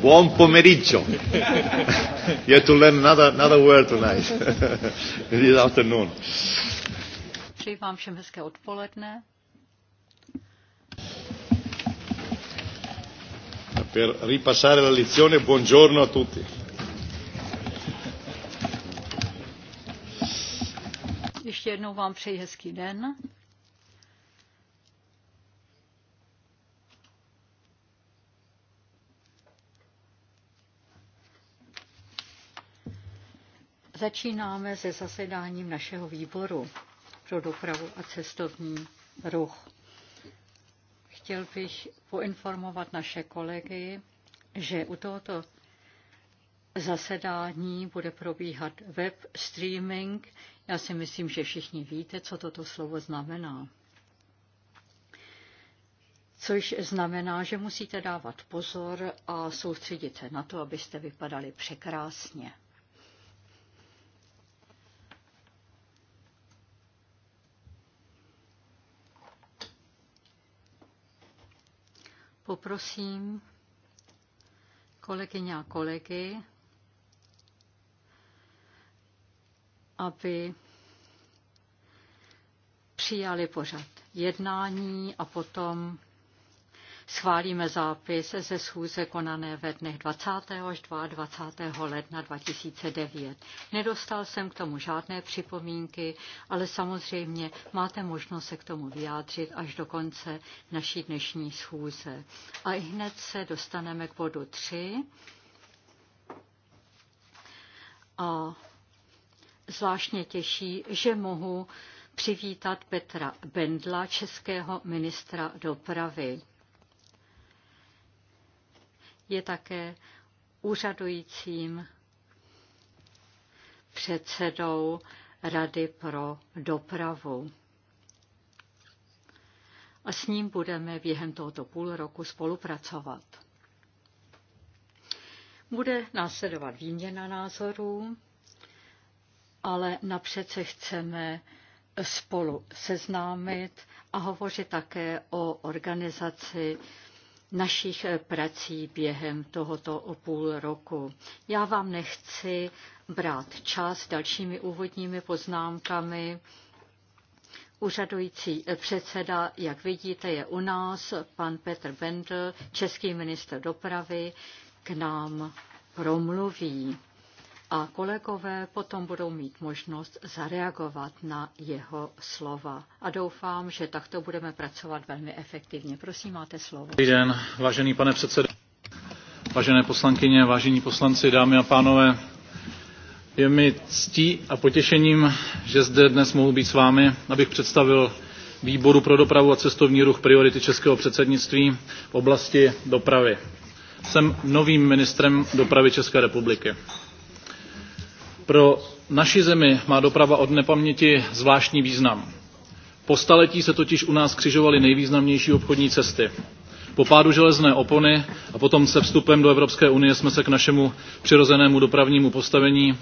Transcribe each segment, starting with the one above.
Buon pomeriggio. you have to learn another, another word tonight. This afternoon. Přeji vám všem hezké odpoledne. Per ripassare la lezione, buongiorno a tutti. Ještě jednou vám přeji hezký den. Začínáme se zasedáním našeho výboru pro dopravu a cestovní ruch. Chtěl bych poinformovat naše kolegy, že u tohoto zasedání bude probíhat web streaming. Já si myslím, že všichni víte, co toto slovo znamená. Což znamená, že musíte dávat pozor a soustředit se na to, abyste vypadali překrásně. Poprosím kolegyně a kolegy, aby přijali pořad jednání a potom schválíme zápis ze schůze konané ve dnech 20. až 22. ledna 2009. Nedostal jsem k tomu žádné připomínky, ale samozřejmě máte možnost se k tomu vyjádřit až do konce naší dnešní schůze. A i hned se dostaneme k bodu 3. A zvláštně těší, že mohu přivítat Petra Bendla, českého ministra dopravy je také úřadujícím předsedou Rady pro dopravu. A s ním budeme během tohoto půl roku spolupracovat. Bude následovat výměna názorů, ale napřed se chceme spolu seznámit a hovořit také o organizaci našich eh, prací během tohoto půl roku. Já vám nechci brát čas dalšími úvodními poznámkami. Úřadující eh, předseda, jak vidíte, je u nás, pan Petr Bendl, český minister dopravy, k nám promluví a kolegové potom budou mít možnost zareagovat na jeho slova. A doufám, že takto budeme pracovat velmi efektivně. Prosím, máte slovo. Dobrý den, vážený pane předsedo, vážené poslankyně, vážení poslanci, dámy a pánové. Je mi ctí a potěšením, že zde dnes mohu být s vámi, abych představil výboru pro dopravu a cestovní ruch priority českého předsednictví v oblasti dopravy. Jsem novým ministrem dopravy České republiky. Pro naši zemi má doprava od nepaměti zvláštní význam. Po staletí se totiž u nás křižovaly nejvýznamnější obchodní cesty. Po pádu železné opony a potom se vstupem do Evropské unie jsme se k našemu přirozenému dopravnímu postavení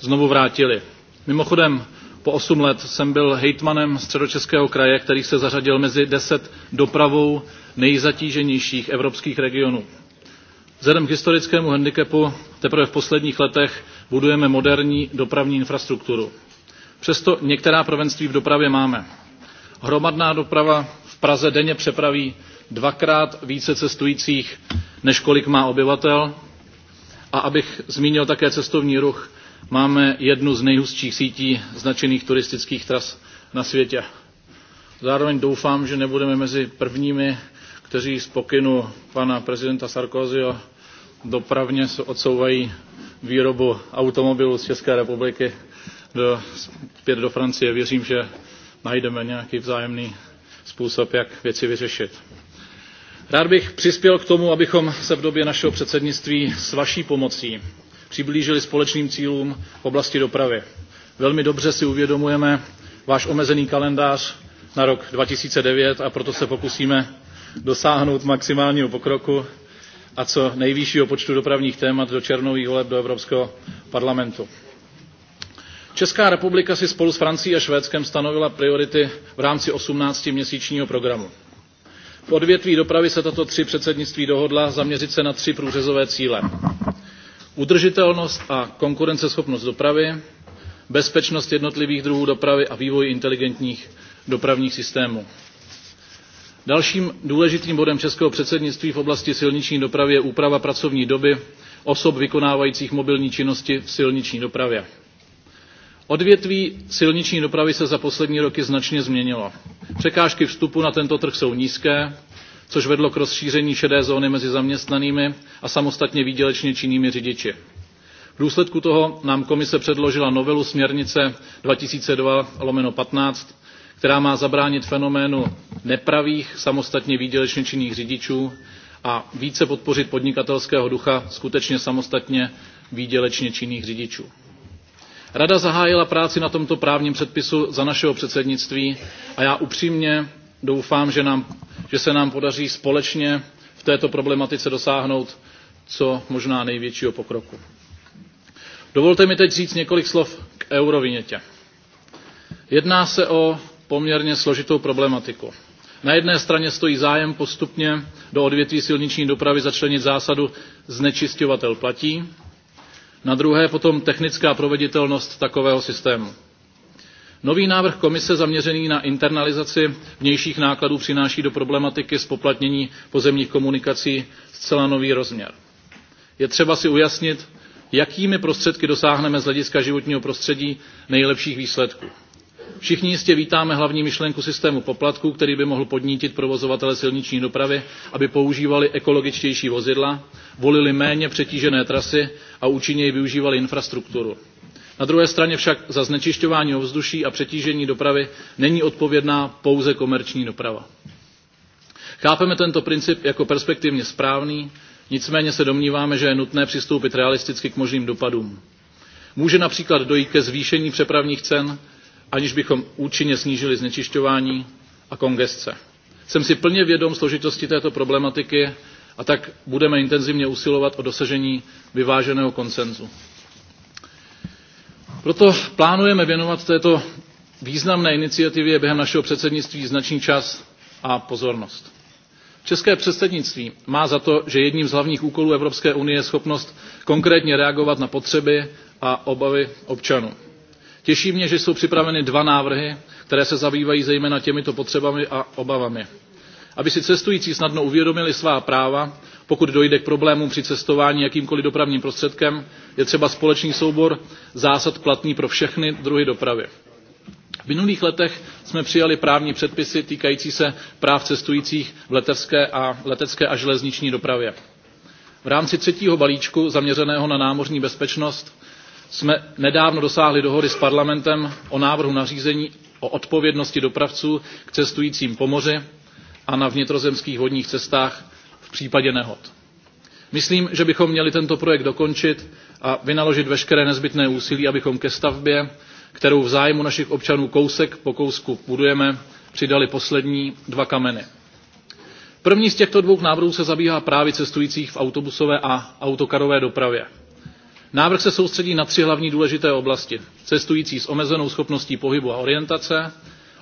znovu vrátili. Mimochodem, po 8 let jsem byl hejtmanem středočeského kraje, který se zařadil mezi 10 dopravou nejzatíženějších evropských regionů. Vzhledem k historickému handicapu teprve v posledních letech budujeme moderní dopravní infrastrukturu. Přesto některá prvenství v dopravě máme. Hromadná doprava v Praze denně přepraví dvakrát více cestujících, než kolik má obyvatel. A abych zmínil také cestovní ruch, máme jednu z nejhustších sítí značených turistických tras na světě. Zároveň doufám, že nebudeme mezi prvními, kteří z pokynu pana prezidenta Sarkozyho dopravně odsouvají výrobu automobilů z České republiky do, zpět do Francie. Věřím, že najdeme nějaký vzájemný způsob, jak věci vyřešit. Rád bych přispěl k tomu, abychom se v době našeho předsednictví s vaší pomocí přiblížili společným cílům v oblasti dopravy. Velmi dobře si uvědomujeme váš omezený kalendář na rok 2009 a proto se pokusíme dosáhnout maximálního pokroku a co nejvyššího počtu dopravních témat do červnových voleb do Evropského parlamentu. Česká republika si spolu s Francií a Švédskem stanovila priority v rámci 18-měsíčního programu. V odvětví dopravy se tato tři předsednictví dohodla zaměřit se na tři průřezové cíle. Udržitelnost a konkurenceschopnost dopravy, bezpečnost jednotlivých druhů dopravy a vývoj inteligentních dopravních systémů. Dalším důležitým bodem českého předsednictví v oblasti silniční dopravy je úprava pracovní doby osob vykonávajících mobilní činnosti v silniční dopravě. Odvětví silniční dopravy se za poslední roky značně změnilo. Překážky vstupu na tento trh jsou nízké, což vedlo k rozšíření šedé zóny mezi zaměstnanými a samostatně výdělečně činnými řidiči. V důsledku toho nám komise předložila novelu směrnice 2002 15 která má zabránit fenoménu nepravých samostatně výdělečně činných řidičů a více podpořit podnikatelského ducha skutečně samostatně výdělečně činných řidičů. Rada zahájila práci na tomto právním předpisu za našeho předsednictví a já upřímně doufám, že, nám, že se nám podaří společně v této problematice dosáhnout co možná největšího pokroku. Dovolte mi teď říct několik slov k eurovinětě. Jedná se o poměrně složitou problematiku. Na jedné straně stojí zájem postupně do odvětví silniční dopravy začlenit zásadu znečišťovatel platí, na druhé potom technická proveditelnost takového systému. Nový návrh komise zaměřený na internalizaci vnějších nákladů přináší do problematiky spoplatnění pozemních komunikací zcela nový rozměr. Je třeba si ujasnit, jakými prostředky dosáhneme z hlediska životního prostředí nejlepších výsledků. Všichni jistě vítáme hlavní myšlenku systému poplatků, který by mohl podnítit provozovatele silniční dopravy, aby používali ekologičtější vozidla, volili méně přetížené trasy a účinněji využívali infrastrukturu. Na druhé straně však za znečišťování ovzduší a přetížení dopravy není odpovědná pouze komerční doprava. Chápeme tento princip jako perspektivně správný, nicméně se domníváme, že je nutné přistoupit realisticky k možným dopadům. Může například dojít ke zvýšení přepravních cen aniž bychom účinně snížili znečišťování a kongesce. Jsem si plně vědom složitosti této problematiky a tak budeme intenzivně usilovat o dosažení vyváženého koncenzu. Proto plánujeme věnovat této významné iniciativě během našeho předsednictví značný čas a pozornost. České předsednictví má za to, že jedním z hlavních úkolů Evropské unie je schopnost konkrétně reagovat na potřeby a obavy občanů. Těší mě, že jsou připraveny dva návrhy, které se zabývají zejména těmito potřebami a obavami. Aby si cestující snadno uvědomili svá práva, pokud dojde k problémům při cestování jakýmkoliv dopravním prostředkem, je třeba společný soubor zásad platný pro všechny druhy dopravy. V minulých letech jsme přijali právní předpisy týkající se práv cestujících v letecké a, letecké a železniční dopravě. V rámci třetího balíčku zaměřeného na námořní bezpečnost jsme nedávno dosáhli dohody s parlamentem o návrhu nařízení o odpovědnosti dopravců k cestujícím po moři a na vnitrozemských vodních cestách v případě nehod. Myslím, že bychom měli tento projekt dokončit a vynaložit veškeré nezbytné úsilí, abychom ke stavbě, kterou v zájmu našich občanů kousek po kousku budujeme, přidali poslední dva kameny. První z těchto dvou návrhů se zabývá právě cestujících v autobusové a autokarové dopravě. Návrh se soustředí na tři hlavní důležité oblasti. Cestující s omezenou schopností pohybu a orientace,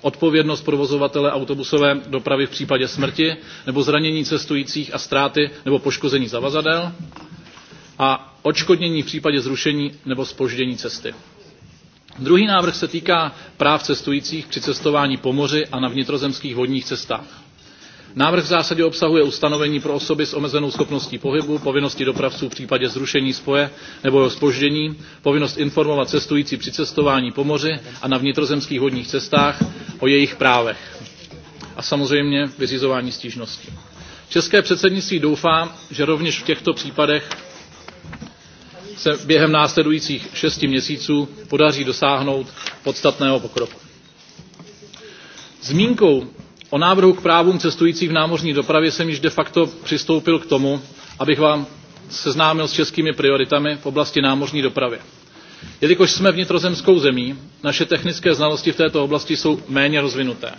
odpovědnost provozovatele autobusové dopravy v případě smrti nebo zranění cestujících a ztráty nebo poškození zavazadel a odškodnění v případě zrušení nebo spoždění cesty. Druhý návrh se týká práv cestujících při cestování po moři a na vnitrozemských vodních cestách. Návrh v zásadě obsahuje ustanovení pro osoby s omezenou schopností pohybu, povinnosti dopravců v případě zrušení spoje nebo jeho spoždění, povinnost informovat cestující při cestování po moři a na vnitrozemských vodních cestách o jejich právech a samozřejmě vyřizování stížností. České předsednictví doufá, že rovněž v těchto případech se během následujících šesti měsíců podaří dosáhnout podstatného pokroku. Zmínkou O návrhu k právům cestujících v námořní dopravě jsem již de facto přistoupil k tomu, abych vám seznámil s českými prioritami v oblasti námořní dopravy. Jelikož jsme vnitrozemskou zemí, naše technické znalosti v této oblasti jsou méně rozvinuté.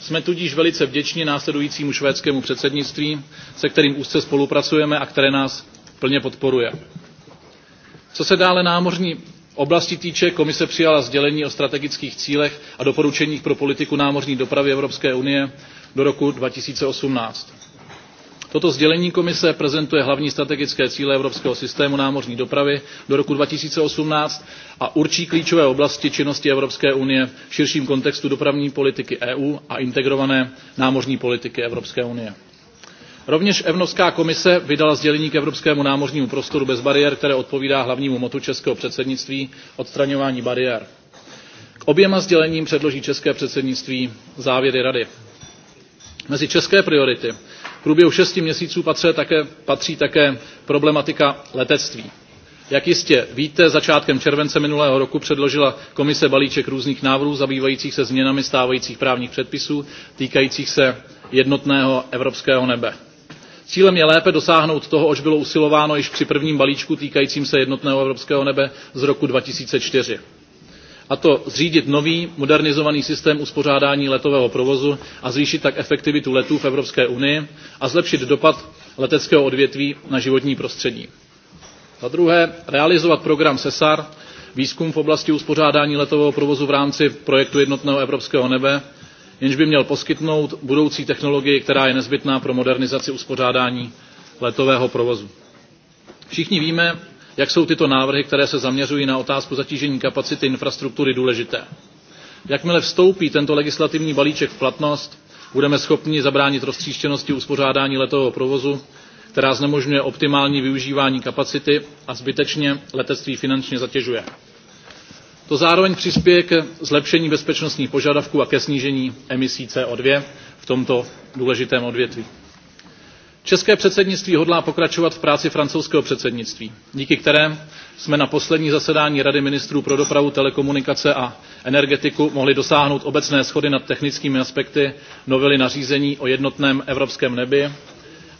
Jsme tudíž velice vděční následujícímu švédskému předsednictví, se kterým úzce spolupracujeme a které nás plně podporuje. Co se dále námořní oblasti týče komise přijala sdělení o strategických cílech a doporučeních pro politiku námořní dopravy evropské unie do roku. two thousand and eighteen toto sdělení komise prezentuje hlavní strategické cíle evropského systému námořní dopravy do roku two thousand and eighteen a určí klíčové oblasti činnosti evropské unie v širším kontextu dopravní politiky eu a integrované námořní politiky evropské unie. Rovněž Evropská komise vydala sdělení k evropskému námořnímu prostoru bez bariér, které odpovídá hlavnímu motu českého předsednictví odstraňování bariér. K oběma sdělením předloží české předsednictví závěry rady. Mezi české priority v průběhu šesti měsíců patří také, patří také problematika letectví. Jak jistě víte, začátkem července minulého roku předložila komise balíček různých návrhů zabývajících se změnami stávajících právních předpisů týkajících se jednotného evropského nebe. Cílem je lépe dosáhnout toho, oč bylo usilováno již při prvním balíčku týkajícím se jednotného evropského nebe z roku 2004 a to zřídit nový modernizovaný systém uspořádání letového provozu a zvýšit tak efektivitu letů v Evropské unii a zlepšit dopad leteckého odvětví na životní prostředí. Za druhé, realizovat program SESAR, výzkum v oblasti uspořádání letového provozu v rámci projektu jednotného evropského nebe, jenž by měl poskytnout budoucí technologii, která je nezbytná pro modernizaci uspořádání letového provozu. Všichni víme, jak jsou tyto návrhy, které se zaměřují na otázku zatížení kapacity infrastruktury důležité. Jakmile vstoupí tento legislativní balíček v platnost, budeme schopni zabránit roztříštěnosti uspořádání letového provozu, která znemožňuje optimální využívání kapacity a zbytečně letectví finančně zatěžuje. To zároveň přispěje ke zlepšení bezpečnostních požadavků a ke snížení emisí CO2 v tomto důležitém odvětví. České předsednictví hodlá pokračovat v práci francouzského předsednictví, díky které jsme na poslední zasedání Rady ministrů pro dopravu, telekomunikace a energetiku mohli dosáhnout obecné schody nad technickými aspekty novely nařízení o jednotném evropském nebi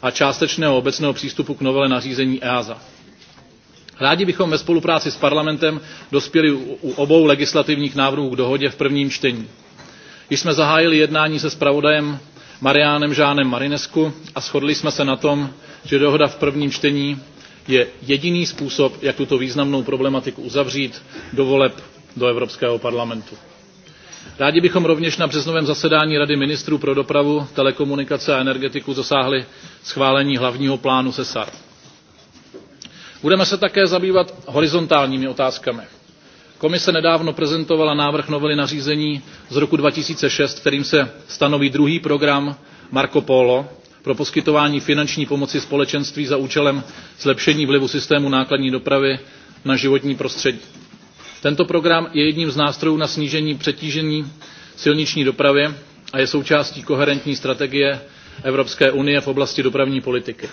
a částečného obecného přístupu k novele nařízení EASA. Rádi bychom ve spolupráci s parlamentem dospěli u obou legislativních návrhů k dohodě v prvním čtení. Již jsme zahájili jednání se zpravodajem Mariánem Žánem Marinesku a shodli jsme se na tom, že dohoda v prvním čtení je jediný způsob, jak tuto významnou problematiku uzavřít do voleb do Evropského parlamentu. Rádi bychom rovněž na březnovém zasedání Rady ministrů pro dopravu, telekomunikace a energetiku zasáhli schválení hlavního plánu SESAR. Budeme se také zabývat horizontálními otázkami. Komise nedávno prezentovala návrh novely nařízení z roku 2006, kterým se stanoví druhý program Marco Polo pro poskytování finanční pomoci společenství za účelem zlepšení vlivu systému nákladní dopravy na životní prostředí. Tento program je jedním z nástrojů na snížení přetížení silniční dopravy a je součástí koherentní strategie Evropské unie v oblasti dopravní politiky.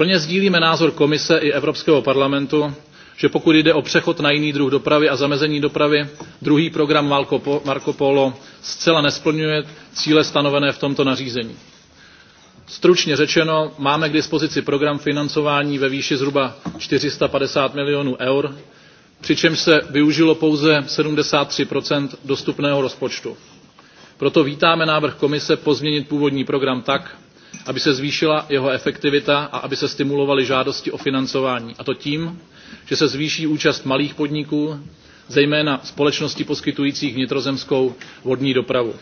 Plně sdílíme názor komise i Evropského parlamentu, že pokud jde o přechod na jiný druh dopravy a zamezení dopravy, druhý program Marco Polo zcela nesplňuje cíle stanovené v tomto nařízení. Stručně řečeno, máme k dispozici program financování ve výši zhruba 450 milionů eur, přičemž se využilo pouze 73 dostupného rozpočtu. Proto vítáme návrh komise pozměnit původní program tak, aby se zvýšila jeho efektivita a aby se stimulovaly žádosti o financování. A to tím, že se zvýší účast malých podniků, zejména společností poskytujících vnitrozemskou vodní dopravu.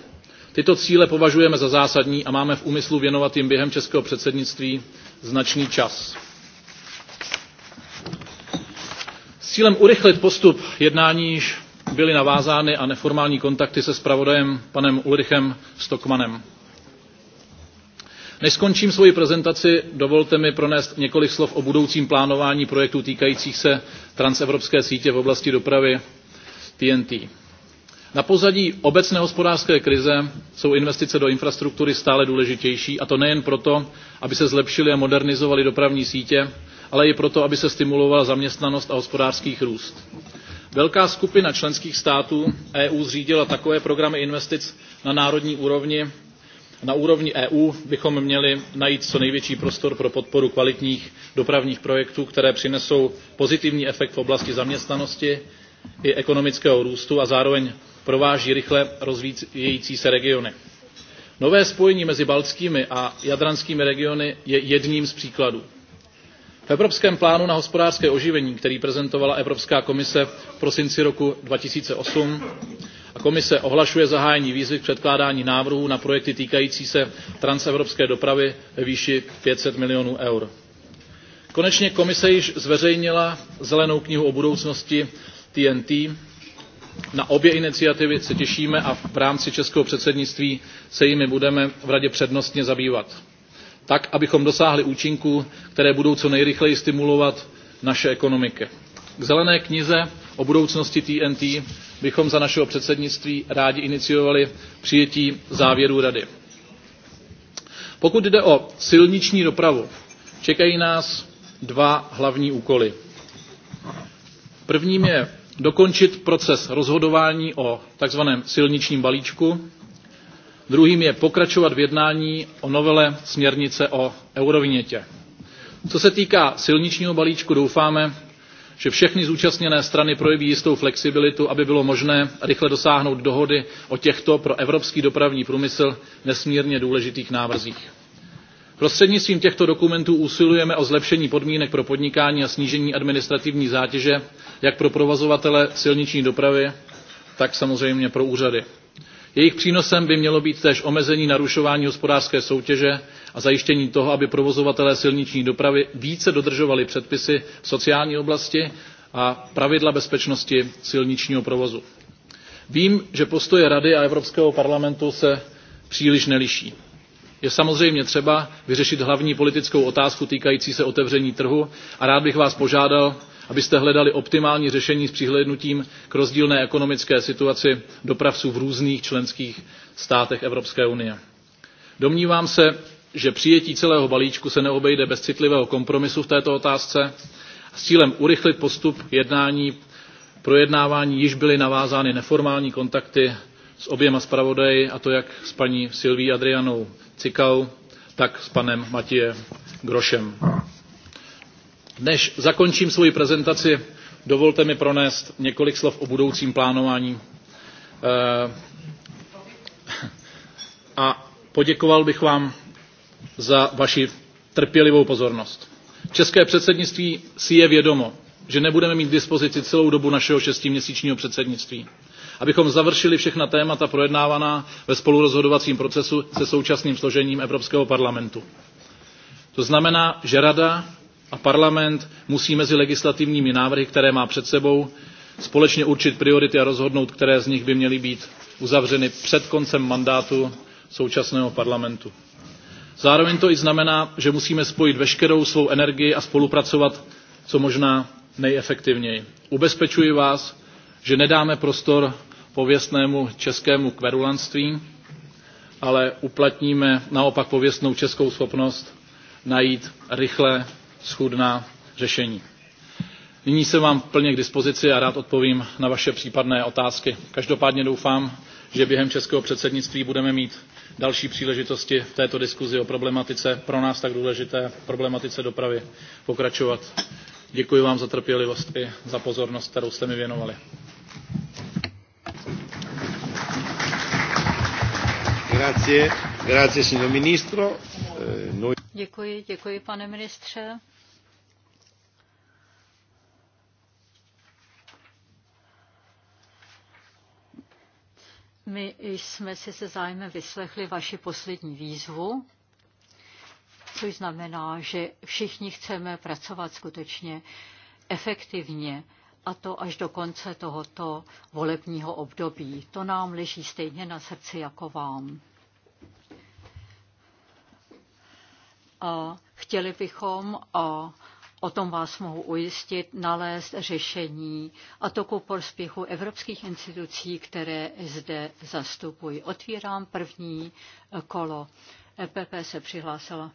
Tyto cíle považujeme za zásadní a máme v úmyslu věnovat jim během českého předsednictví značný čas. S cílem urychlit postup jednání již byly navázány a neformální kontakty se spravodajem panem Ulrichem Stockmanem. Než skončím svoji prezentaci, dovolte mi pronést několik slov o budoucím plánování projektů týkajících se transevropské sítě v oblasti dopravy TNT. Na pozadí obecné hospodářské krize jsou investice do infrastruktury stále důležitější, a to nejen proto, aby se zlepšily a modernizovaly dopravní sítě, ale i proto, aby se stimulovala zaměstnanost a hospodářský růst. Velká skupina členských států EU zřídila takové programy investic na národní úrovni, na úrovni EU bychom měli najít co největší prostor pro podporu kvalitních dopravních projektů, které přinesou pozitivní efekt v oblasti zaměstnanosti i ekonomického růstu a zároveň prováží rychle rozvíjející se regiony. Nové spojení mezi baltskými a jadranskými regiony je jedním z příkladů. V Evropském plánu na hospodářské oživení, který prezentovala Evropská komise v prosinci roku 2008, Komise ohlašuje zahájení výzvy k předkládání návrhů na projekty týkající se transevropské dopravy ve výši 500 milionů eur. Konečně komise již zveřejnila zelenou knihu o budoucnosti TNT. Na obě iniciativy se těšíme a v rámci českého předsednictví se jimi budeme v radě přednostně zabývat. Tak, abychom dosáhli účinků, které budou co nejrychleji stimulovat naše ekonomiky. K zelené knize o budoucnosti TNT bychom za našeho předsednictví rádi iniciovali přijetí závěrů Rady. Pokud jde o silniční dopravu, čekají nás dva hlavní úkoly. Prvním je dokončit proces rozhodování o tzv. silničním balíčku. Druhým je pokračovat v jednání o novele směrnice o eurovinětě. Co se týká silničního balíčku, doufáme, že všechny zúčastněné strany projeví jistou flexibilitu, aby bylo možné rychle dosáhnout dohody o těchto pro evropský dopravní průmysl nesmírně důležitých návrzích. Prostřednictvím těchto dokumentů usilujeme o zlepšení podmínek pro podnikání a snížení administrativní zátěže jak pro provozovatele silniční dopravy, tak samozřejmě pro úřady. Jejich přínosem by mělo být též omezení narušování hospodářské soutěže a zajištění toho, aby provozovatelé silniční dopravy více dodržovali předpisy v sociální oblasti a pravidla bezpečnosti silničního provozu. Vím, že postoje Rady a Evropského parlamentu se příliš neliší. Je samozřejmě třeba vyřešit hlavní politickou otázku týkající se otevření trhu a rád bych vás požádal, abyste hledali optimální řešení s přihlédnutím k rozdílné ekonomické situaci dopravců v různých členských státech Evropské unie. Domnívám se, že přijetí celého balíčku se neobejde bez citlivého kompromisu v této otázce s cílem urychlit postup jednání projednávání již byly navázány neformální kontakty s oběma zpravodaji, a to jak s paní Silví Adrianou Cikau, tak s panem Matějem Grošem. Než zakončím svoji prezentaci, dovolte mi pronést několik slov o budoucím plánování. Eh, a poděkoval bych vám za vaši trpělivou pozornost. České předsednictví si je vědomo, že nebudeme mít k dispozici celou dobu našeho šestiměsíčního předsednictví. Abychom završili všechna témata projednávaná ve spolurozhodovacím procesu se současným složením Evropského parlamentu. To znamená, že Rada a parlament musí mezi legislativními návrhy, které má před sebou, společně určit priority a rozhodnout, které z nich by měly být uzavřeny před koncem mandátu současného parlamentu. Zároveň to i znamená, že musíme spojit veškerou svou energii a spolupracovat co možná nejefektivněji. Ubezpečuji vás, že nedáme prostor pověstnému českému kverulanství, ale uplatníme naopak pověstnou českou schopnost najít rychle schudná řešení. Nyní jsem vám plně k dispozici a rád odpovím na vaše případné otázky. Každopádně doufám, že během českého předsednictví budeme mít další příležitosti v této diskuzi o problematice pro nás tak důležité problematice dopravy pokračovat. Děkuji vám za trpělivost i za pozornost, kterou jste mi věnovali. Grazie, grazie signor ministro. Eh, děkuji, děkuji pane ministře. My jsme si se zájmem vyslechli vaši poslední výzvu, což znamená, že všichni chceme pracovat skutečně efektivně a to až do konce tohoto volebního období. To nám leží stejně na srdci jako vám. A chtěli bychom a o tom vás mohu ujistit, nalézt řešení a to ku prospěchu evropských institucí, které zde zastupují. Otvírám první kolo. EPP se přihlásila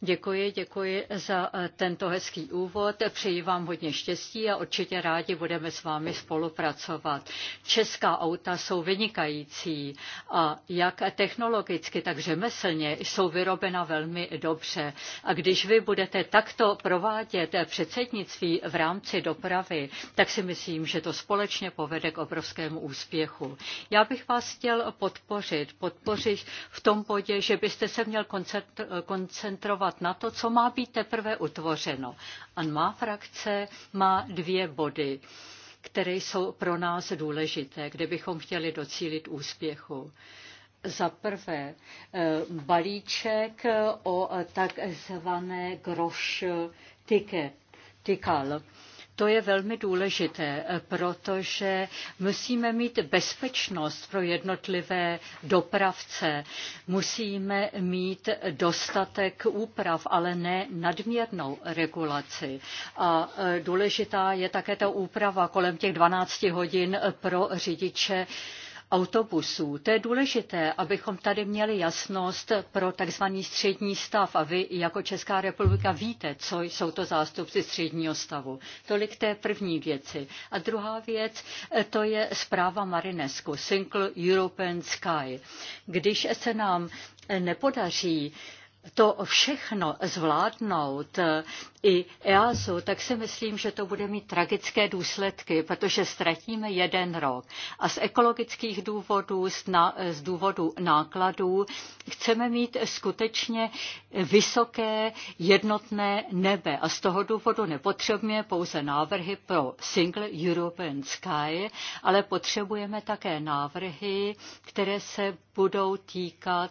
Děkuji, děkuji za eh, tento hezký úvod. Přeji vám hodně štěstí a určitě rádi budeme s vámi spolupracovat. Česká auta jsou vynikající a jak technologicky, tak řemeslně jsou vyrobena velmi dobře. A když vy budete takto provádět předsednictví v rámci dopravy, tak si myslím, že to společně povede k obrovskému úspěchu. Já bych vás chtěl podpořit, podpořit v tom bodě, že byste se měl koncentrovat reagovat na to, co má být teprve utvořeno. A má frakce má dvě body které jsou pro nás důležité, kde bychom chtěli docílit úspěchu. Za prvé eh, balíček o takzvané groš ticket, tikal. To je velmi důležité, protože musíme mít bezpečnost pro jednotlivé dopravce. Musíme mít dostatek úprav, ale ne nadměrnou regulaci. A e, důležitá je také ta úprava kolem těch 12 hodin pro řidiče autobusů. To je důležité, abychom tady měli jasnost pro takzvaný střední stav a vy jako Česká republika víte, co jsou to zástupci středního stavu. Tolik té první věci. A druhá věc, eh, to je zpráva Marinesku, Single European Sky. Když se nám eh, nepodaří to všechno zvládnout eh, i EASu, tak si myslím, že to bude mít tragické důsledky, protože ztratíme jeden rok. A z ekologických důvodů, z, na, eh, z důvodu nákladů, chceme mít skutečně vysoké jednotné nebe. A z toho důvodu nepotřebujeme pouze návrhy pro Single European Sky, ale potřebujeme také návrhy, které se budou týkat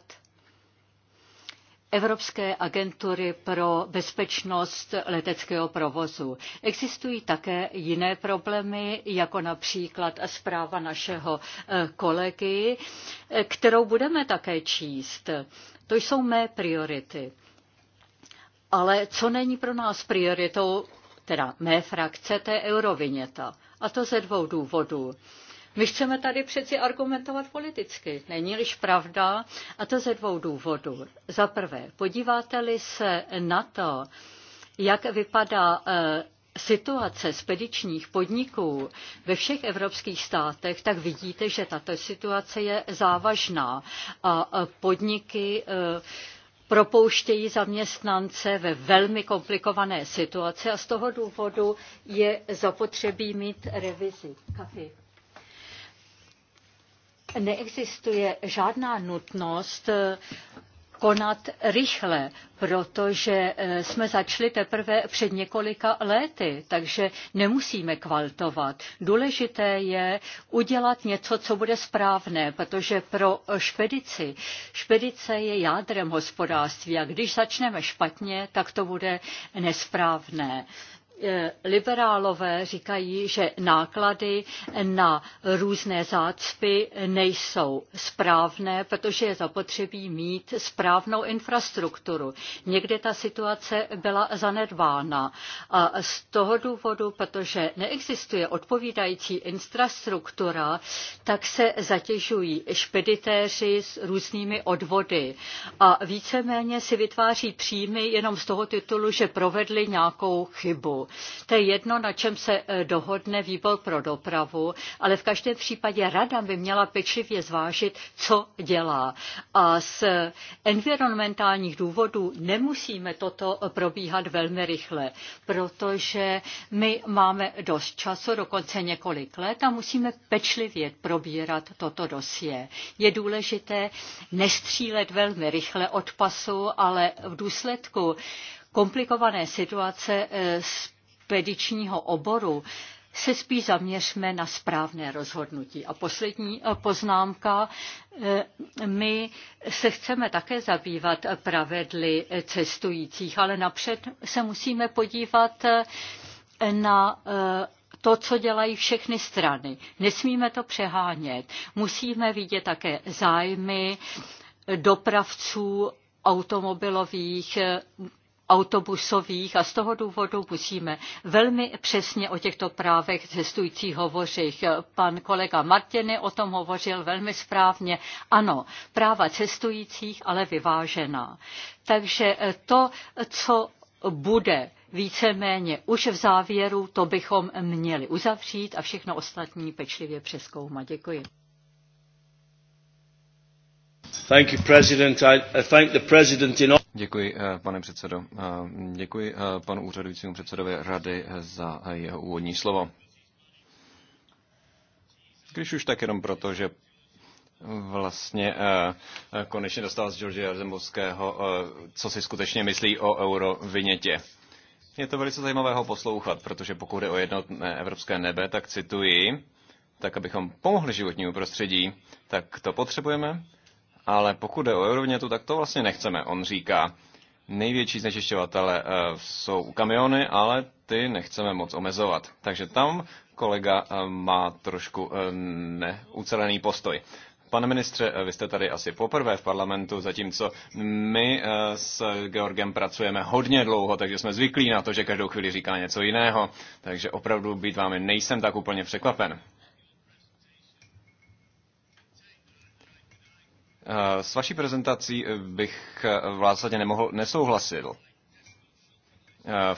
Evropské agentury pro bezpečnost leteckého provozu. Existují také jiné problémy, jako například zpráva našeho eh, kolegy, eh, kterou budeme také číst. To jsou mé priority. Ale co není pro nás prioritou, teda mé frakce, to je euroviněta. A to ze dvou důvodů. My chceme tady přeci argumentovat politicky, není-liž pravda, a to ze dvou důvodů. Za prvé, podíváte-li se na to, jak vypadá e, situace spedičních podniků ve všech evropských státech, tak vidíte, že tato situace je závažná a e, podniky e, propouštějí zaměstnance ve velmi komplikované situaci a z toho důvodu je zapotřebí mít revizi. Kafi neexistuje žádná nutnost eh, konat rychle, protože eh, jsme začali teprve před několika lety, takže nemusíme kvaltovat. Důležité je udělat něco, co bude správné, protože pro špedici, špedice je jádrem hospodářství a když začneme špatně, tak to bude nesprávné. Eh, liberálové říkají, že náklady na různé zácpy nejsou správné, protože je zapotřebí mít správnou infrastrukturu. Někde ta situace byla zanedbána. A z toho důvodu, protože neexistuje odpovídající infrastruktura, tak se zatěžují špeditéři s různými odvody. A víceméně si vytváří příjmy jenom z toho titulu, že provedli nějakou chybu. To je jedno, na čem se eh, dohodne výbor pro dopravu, ale v každém případě rada by měla pečlivě zvážit, co dělá. A z eh, environmentálních důvodů nemusíme toto eh, probíhat velmi rychle, protože my máme dost času, dokonce několik let a musíme pečlivě probírat toto dosie. Je důležité nestřílet velmi rychle od pasu, ale v důsledku komplikované situace s expedičního oboru, se spíš zaměřme na správné rozhodnutí. A poslední eh, poznámka, eh, my se chceme také zabývat pravedly eh, cestujících, ale napřed se musíme podívat na to, co dělají všechny strany. Nesmíme to přehánět. Musíme vidět také zájmy dopravců automobilových autobusových a z toho důvodu musíme velmi přesně o těchto právech cestujících hovořit. Pan kolega Martiny o tom hovořil velmi správně. Ano, práva cestujících, ale vyvážená. Takže eh, to, co bude víceméně už v závěru, to bychom měli uzavřít a všechno ostatní pečlivě přeskoumat. Děkuji. Thank you, President. I, thank the President in Děkuji, eh, pane předsedo. Eh, děkuji eh, panu úřadujícímu předsedovi rady za jeho úvodní slovo. Když už tak jenom proto, že vlastně konečně dostal z George Jarzembovského, co si skutečně myslí o eurovinětě. Je to velice zajímavého poslouchat, protože pokud je o jednotné evropské nebe, tak cituji, tak abychom pomohli životnímu prostředí, tak to potřebujeme, ale pokud jde o Eurovinětu, tak to vlastně nechceme. On říká, největší znečišťovatele eh, jsou kamiony, ale ty nechceme moc omezovat. Takže tam kolega eh, má trošku eh, neucelený postoj. Pane ministře, vy jste tady asi poprvé v parlamentu, zatímco my s Georgem pracujeme hodně dlouho, takže jsme zvyklí na to, že každou chvíli říká něco jiného, takže opravdu být vámi nejsem tak úplně překvapen. Eh, s vaší prezentací eh, bych vlastně nemohl nesouhlasil.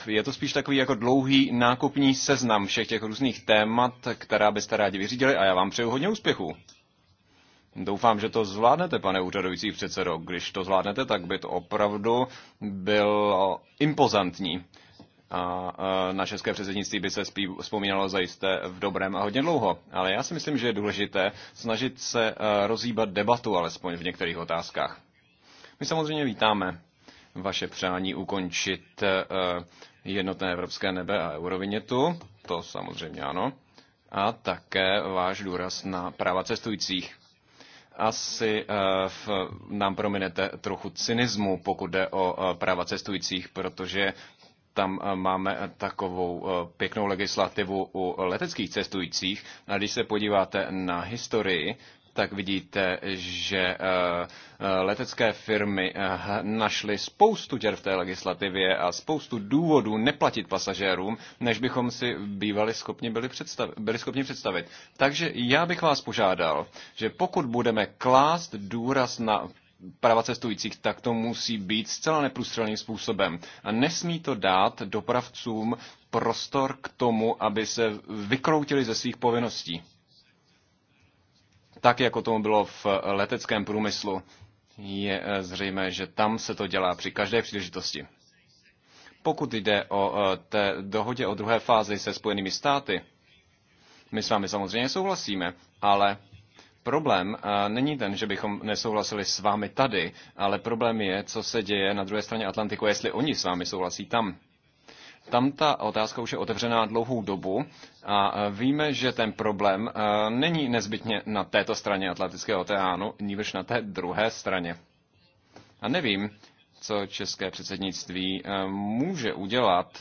Je to spíš takový jako dlouhý nákupní seznam všech těch různých témat, která byste rádi vyřídili a já vám přeju hodně úspěchů. Doufám, že to zvládnete, pane úřadující předsedo. Když to zvládnete, tak by to opravdu bylo impozantní a na české předsednictví by se vzpomínalo zajisté v dobrém a hodně dlouho. Ale já si myslím, že je důležité snažit se e, rozhýbat debatu alespoň v některých otázkách. My samozřejmě vítáme vaše přání ukončit e, jednotné evropské nebe a eurovinětu, to samozřejmě ano, a také váš důraz na práva cestujících. Asi e, v, nám prominete trochu cynismu, pokud jde o práva cestujících, protože tam eh, máme eh, takovou eh, pěknou legislativu u leteckých cestujících. A když se podíváte na historii, tak vidíte, že letecké firmy našly spoustu děr v té legislativě a spoustu důvodů neplatit pasažérům, než bychom si bývali schopni byli, představ, byli schopni představit. Takže já bych vás požádal, že pokud budeme klást důraz na práva cestujících, tak to musí být zcela neprůstřelným způsobem. A nesmí to dát dopravcům prostor k tomu, aby se vykroutili ze svých povinností. Tak, jako tomu bylo v leteckém průmyslu, je eh, zřejmé, že tam se to dělá při každé příležitosti. Pokud jde o eh, té dohodě o druhé fázi se Spojenými státy, my s vámi samozřejmě souhlasíme, ale problém není ten, že bychom nesouhlasili s vámi tady, ale problém je, co se děje na druhé straně Atlantiku, jestli oni s vámi souhlasí tam. Tam ta otázka už je otevřená dlouhou dobu a e, víme, že ten problém e, není nezbytně na této straně Atlantického oceánu, níž na té druhé straně. A nevím, co české předsednictví e, může udělat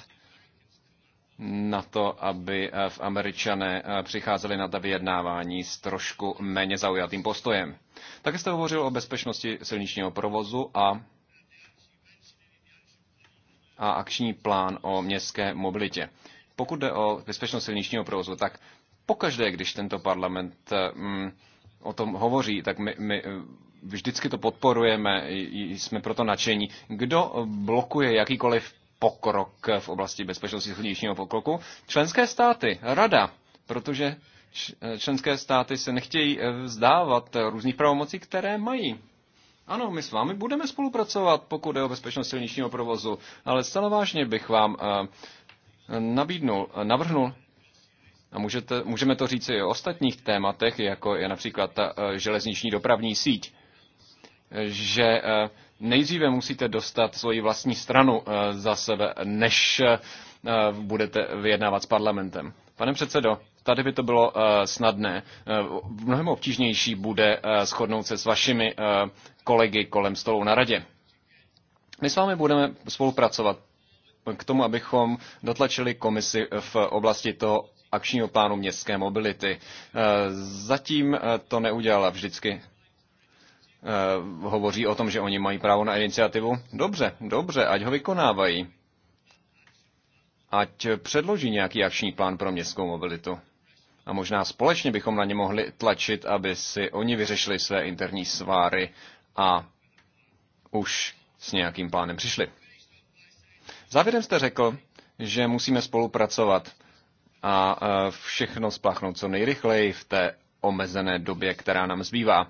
na to, aby eh, v Američané eh, přicházeli na ta vyjednávání s trošku méně zaujatým postojem. Také jste hovořil o bezpečnosti silničního provozu a, a akční plán o městské mobilitě. Pokud jde o bezpečnost silničního provozu, tak pokaždé, když tento parlament eh, mm, o tom hovoří, tak my, my vždycky to podporujeme, jsme proto nadšení. Kdo blokuje jakýkoliv pokrok v oblasti bezpečnosti silničního pokroku? Členské státy, rada, protože členské státy se nechtějí eh, vzdávat eh, různých pravomocí, které mají. Ano, my s vámi budeme spolupracovat, pokud je o bezpečnost silničního provozu, ale zcela vážně bych vám eh, nabídnul, navrhnul, a můžete, můžeme to říct i o ostatních tématech, jako je například ta železniční dopravní síť, že nejdříve musíte dostat svoji vlastní stranu eh, za sebe, než eh, budete vyjednávat s parlamentem. Pane předsedo, tady by to bylo eh, snadné. Mnohem obtížnější bude shodnout se s vašimi kolegy kolem stolu na radě. My s vámi budeme spolupracovat k tomu, abychom dotlačili komisi v oblasti toho akčního plánu městské mobility. Zatím to neudělala vždycky Eh, hovoří o tom, že oni mají právo na iniciativu? Dobře, dobře, ať ho vykonávají. Ať předloží nějaký akční plán pro městskou mobilitu. A možná společně bychom na ně mohli tlačit, aby si oni vyřešili své interní sváry a už s nějakým plánem přišli. Závěrem jste řekl, že musíme spolupracovat a eh, všechno spláchnout co nejrychleji v té omezené době, která nám zbývá.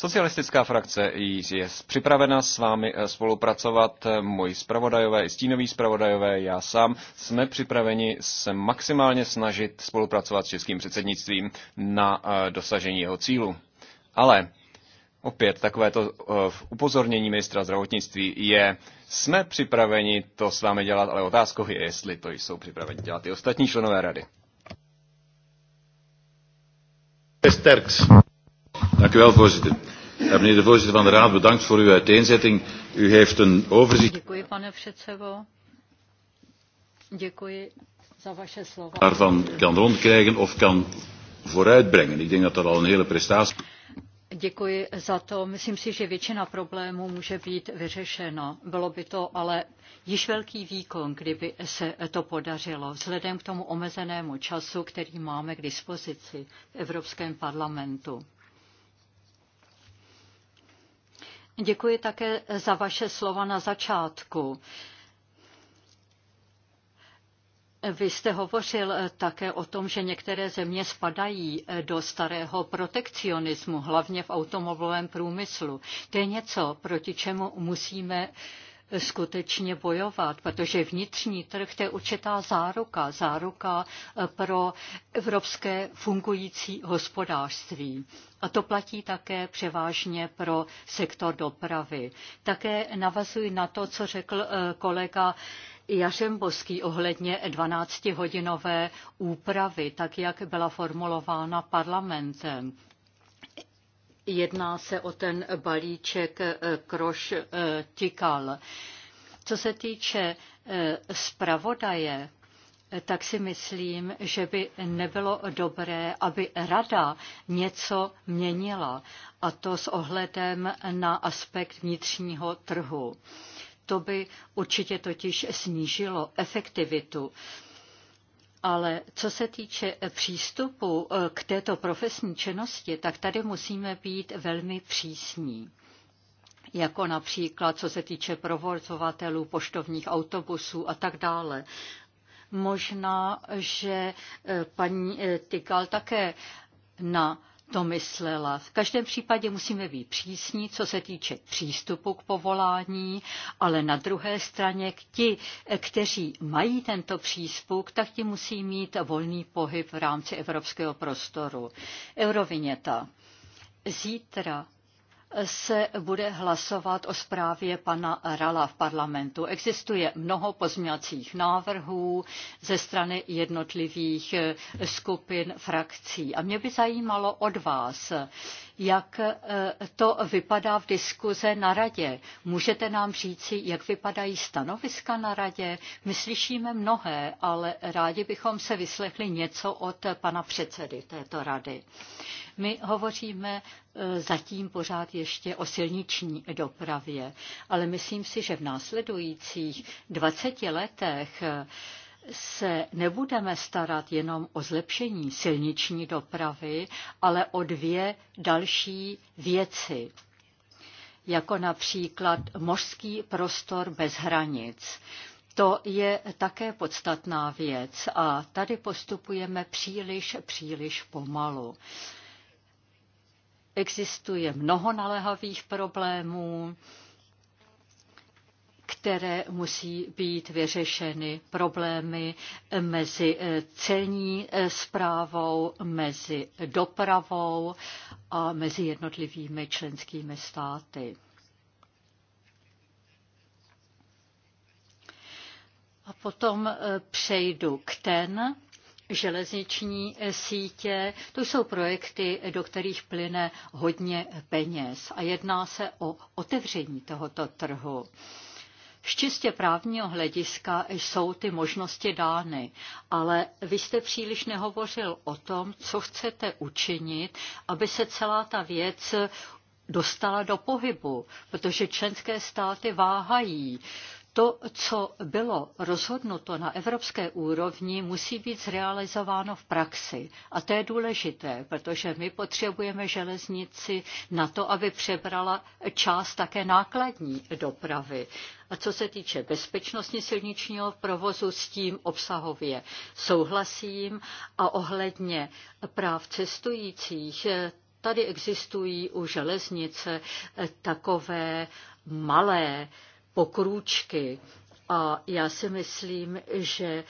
Socialistická frakce je připravena s vámi eh, spolupracovat. Eh, moji zpravodajové, stínoví zpravodajové, já sám jsme připraveni se maximálně snažit spolupracovat s českým předsednictvím na eh, dosažení jeho cílu. Ale opět takovéto upozornění ministra zdravotnictví je, jsme připraveni to s vámi dělat, ale otázkou je, jestli to jsou připraveni dělat i ostatní členové rady. Sterks. Dank u wel, voorzitter. Eh, meneer de voorzitter van de Raad, bedankt voor uw uiteenzetting. U heeft een overzicht. Děkuji, Daarvan kan rondkrijgen of kan vooruitbrengen. Ik denk dat dat al een hele prestatie is. Děkuji za to. Myslím si, že většina problémů může být vyřešena. Bylo by to ale již velký výkon, kdyby se to podařilo, vzhledem k tomu omezenému času, který máme k dispozici v Evropském parlamentu. Děkuji také za vaše slova na začátku. Vy jste hovořil také o tom, že některé země spadají do starého protekcionismu, hlavně v automobilovém průmyslu. To je něco, proti čemu musíme skutečně bojovat, protože vnitřní trh to je určitá záruka, záruka eh, pro evropské fungující hospodářství. A to platí také převážně pro sektor dopravy. Také navazuji na to, co řekl eh, kolega Jařembovský ohledně 12-hodinové úpravy, tak jak byla formulována parlamentem. Jedná se o ten balíček eh, Kroš eh, Tikal. Co se týče eh, zpravodaje, tak si myslím, že by nebylo dobré, aby rada něco měnila, a to s ohledem na aspekt vnitřního trhu. To by určitě totiž snížilo efektivitu ale co se týče eh, přístupu eh, k této profesní činnosti, tak tady musíme být velmi přísní jako například co se týče provozovatelů poštovních autobusů a tak dále. Možná, že eh, paní Tykal také na to myslela. V každém případě musíme být přísní, co se týče přístupu k povolání, ale na druhé straně ti, kteří mají tento přístup, tak ti musí mít volný pohyb v rámci evropského prostoru. Euroviněta. Zítra se bude hlasovat o zprávě pana Rala v parlamentu. Existuje mnoho pozměňovacích návrhů ze strany jednotlivých skupin frakcí. A mě by zajímalo od vás, jak eh, to vypadá v diskuze na radě. Můžete nám říci, jak vypadají stanoviska na radě? My slyšíme mnohé, ale rádi bychom se vyslechli něco od pana předsedy této rady. My hovoříme eh, zatím pořád ještě o silniční dopravě, ale myslím si, že v následujících 20 letech se nebudeme starat jenom o zlepšení silniční dopravy, ale o dvě další věci jako například mořský prostor bez hranic. To je také podstatná věc a tady postupujeme příliš, příliš pomalu. Existuje mnoho naléhavých problémů, které musí být vyřešeny problémy mezi eh, celní zprávou, eh, mezi dopravou a mezi jednotlivými členskými státy. A potom eh, přejdu k ten, železniční sítě. To jsou projekty, do kterých plyne hodně peněz a jedná se o otevření tohoto trhu. Z čistě právního hlediska jsou ty možnosti dány, ale vy jste příliš nehovořil o tom, co chcete učinit, aby se celá ta věc dostala do pohybu, protože členské státy váhají to, co bylo rozhodnuto na evropské úrovni, musí být zrealizováno v praxi. A to je důležité, protože my potřebujeme železnici na to, aby přebrala část také nákladní dopravy. A co se týče bezpečnosti silničního provozu, s tím obsahově souhlasím. A ohledně práv cestujících, tady existují u železnice takové malé pokrůčky. A já si myslím, že e,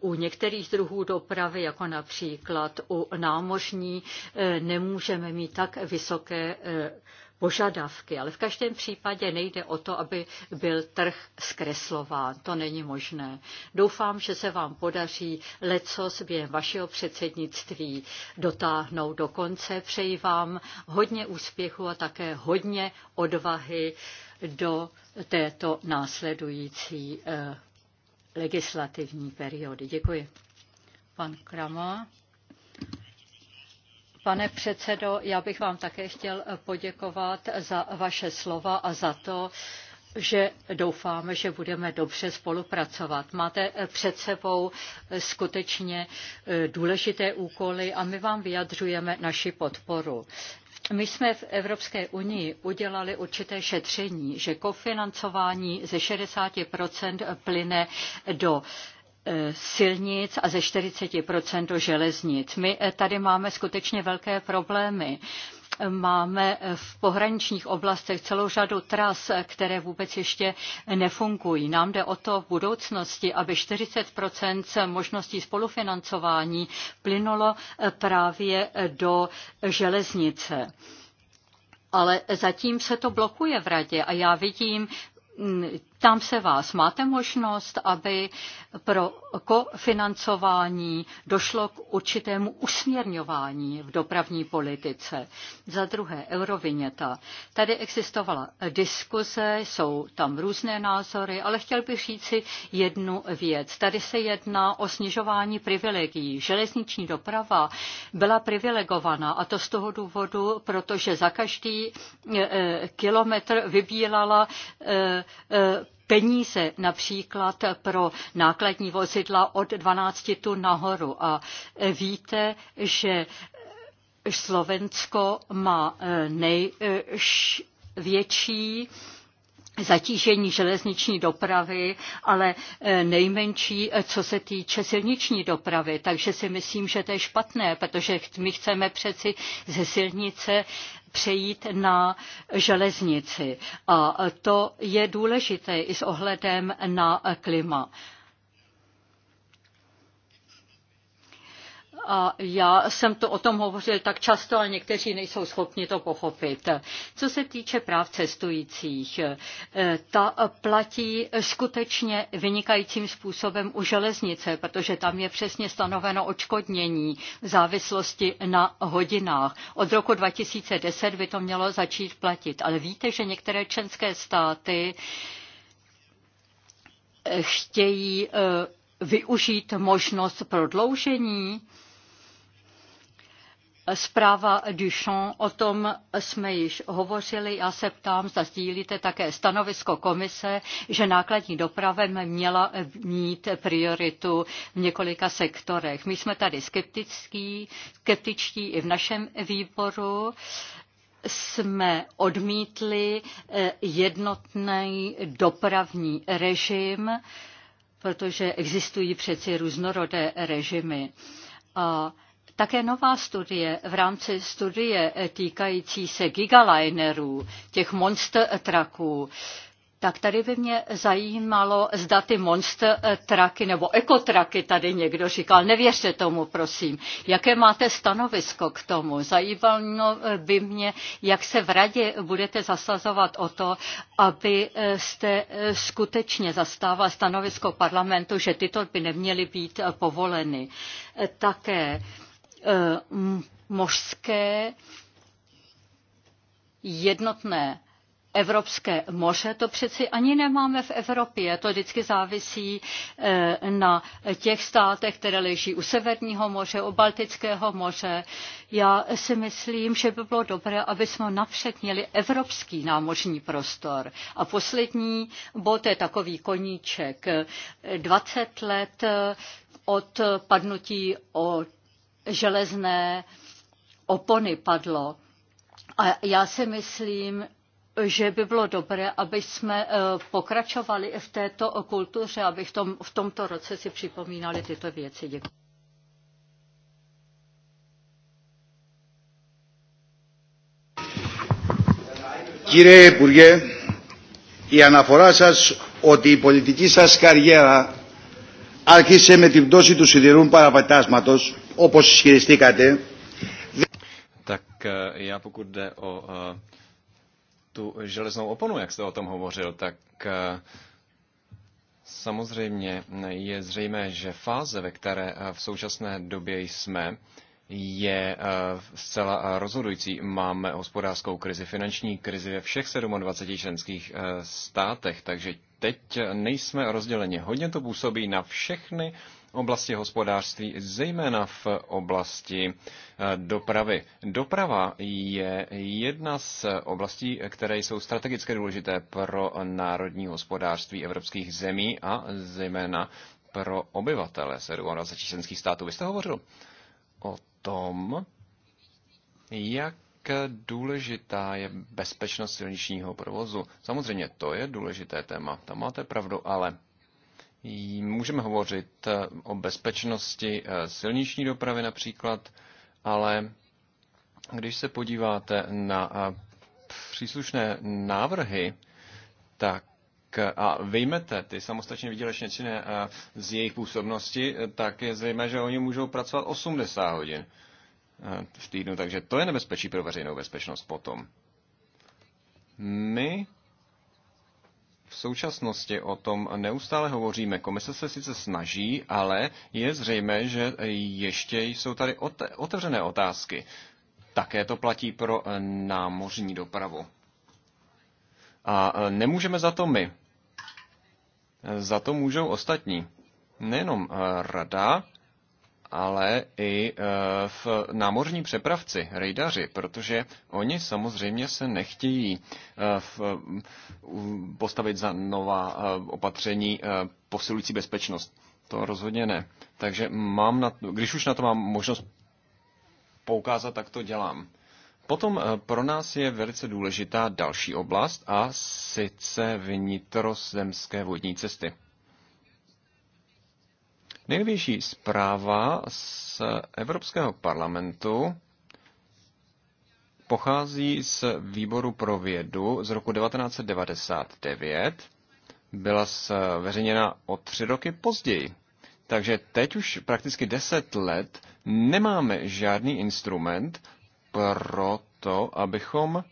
u některých druhů dopravy, jako například u námořní, e, nemůžeme mít tak vysoké e, požadavky, ale v každém případě nejde o to, aby byl trh zkreslován. To není možné. Doufám, že se vám podaří lecos během vašeho předsednictví dotáhnout do konce. Přeji vám hodně úspěchu a také hodně odvahy do této následující eh, legislativní periody. Děkuji. Pan Krama. Pane předsedo, já bych vám také chtěl eh, poděkovat za vaše slova a za to, že doufáme, že budeme dobře spolupracovat. Máte eh, před sebou skutečně důležité úkoly a my vám vyjadřujeme naši podporu. My jsme v Evropské unii udělali určité šetření, že kofinancování ze 60 plyne do e, silnic a ze 40 do železnic. My e, tady máme skutečně velké problémy máme v pohraničních oblastech celou řadu tras, které vůbec ještě nefungují. Nám jde o to v budoucnosti, aby 40 možností spolufinancování plynulo právě do železnice. Ale zatím se to blokuje v radě a já vidím mm, Ptám se vás, máte možnost, aby pro kofinancování došlo k určitému usměrňování v dopravní politice? Za druhé, euroviněta. Tady existovala diskuze, jsou tam různé názory, ale chtěl bych říci jednu věc. Tady se jedná o snižování privilegií. Železniční doprava byla privilegovaná a to z toho důvodu, protože za každý eh, eh, kilometr vybílala. Eh, peníze například pro nákladní vozidla od 12 tun nahoru. A víte, že Slovensko má eh, největší eh, zatížení železniční dopravy, ale eh, nejmenší, eh, co se týče silniční dopravy. Takže si myslím, že to je špatné, protože my chceme přeci ze silnice přejít na železnici. A eh, to je důležité i s ohledem na klima. a já jsem to o tom hovořil tak často, a někteří nejsou schopni to pochopit. Co se týče práv cestujících, eh, ta platí skutečně vynikajícím způsobem u železnice, protože tam je přesně stanoveno očkodnění v závislosti na hodinách. Od roku 2010 by to mělo začít platit, ale víte, že některé členské státy eh, chtějí eh, využít možnost prodloužení Zpráva Duchamp, o tom jsme již hovořili. Já se ptám, zda sdílíte také stanovisko komise, že nákladní doprava měla mít prioritu v několika sektorech. My jsme tady skeptický, skeptičtí i v našem výboru jsme odmítli eh, jednotný dopravní režim, protože existují přeci různorodé režimy. A také nová studie v rámci studie týkající se gigalinerů, těch monster traků, tak tady by mě zajímalo, zda ty monster traky nebo ekotraky tady někdo říkal. Nevěřte tomu, prosím. Jaké máte stanovisko k tomu? Zajímalo by mě, jak se v radě budete zasazovat o to, aby skutečně zastával stanovisko parlamentu, že tyto by neměly být povoleny. Také Eh, mořské jednotné Evropské moře, to přeci ani nemáme v Evropě. To vždycky závisí eh, na těch státech, které leží u Severního moře, u Baltického moře. Já si myslím, že by bylo dobré, aby jsme napřed měli evropský námořní prostor. A poslední bod je takový koníček. 20 eh, let od padnutí od železné opony padlo. A já si myslím, že by bylo dobré, aby jsme eh, pokračovali v této kultuře, aby v, tom, v tomto roce si připomínali tyto věci. Děkuji. Κύριε Υπουργέ, η αναφορά σας ότι η πολιτική σας καριέρα άρχισε με την πτώση του σιδηρού παραπατάσματος, όπως ισχυριστήκατε. Tak eh, já pokud jde o eh, tu železnou oponu, jak jste o tom hovořil, tak eh, samozřejmě je zřejmé, že fáze, ve které v současné době jsme, je zcela rozhodující. Máme hospodářskou krizi, finanční krizi ve všech 27 členských státech, takže teď nejsme rozděleni. Hodně to působí na všechny oblasti hospodářství, zejména v oblasti eh, dopravy. Doprava je jedna z oblastí, které jsou strategicky důležité pro národní hospodářství evropských zemí a zejména pro obyvatele 27 členských států. Vy jste hovořil o tom, jak důležitá je bezpečnost silničního provozu? Samozřejmě to je důležité téma, tam máte pravdu, ale můžeme hovořit eh, o bezpečnosti eh, silniční dopravy například, ale když se podíváte na eh, příslušné návrhy, tak a vyjmete ty samostatně výdělečně činné z jejich působnosti, tak je zřejmé, že oni můžou pracovat 80 hodin. Eh, v týdnu, takže to je nebezpečí pro veřejnou bezpečnost potom. My v současnosti o tom neustále hovoříme. Komise se sice snaží, ale je zřejmé, že ještě jsou tady otevřené otázky. Také to platí pro eh, námořní dopravu. A eh, nemůžeme za to my. Za to můžou ostatní. Nejenom rada, ale i e, v námořní přepravci, rejdaři, protože oni samozřejmě se nechtějí e, postavit za nová e, opatření posilující bezpečnost. To rozhodně ne. Takže mám na, když už na to mám možnost poukázat, tak to dělám. Potom pro nás je velice důležitá další oblast a sice vnitrozemské vodní cesty. Nejnovější zpráva z Evropského parlamentu pochází z výboru pro vědu z roku 1999. Byla zveřejněna o tři roky později. Takže teď už prakticky deset let nemáme žádný instrument pro to, abychom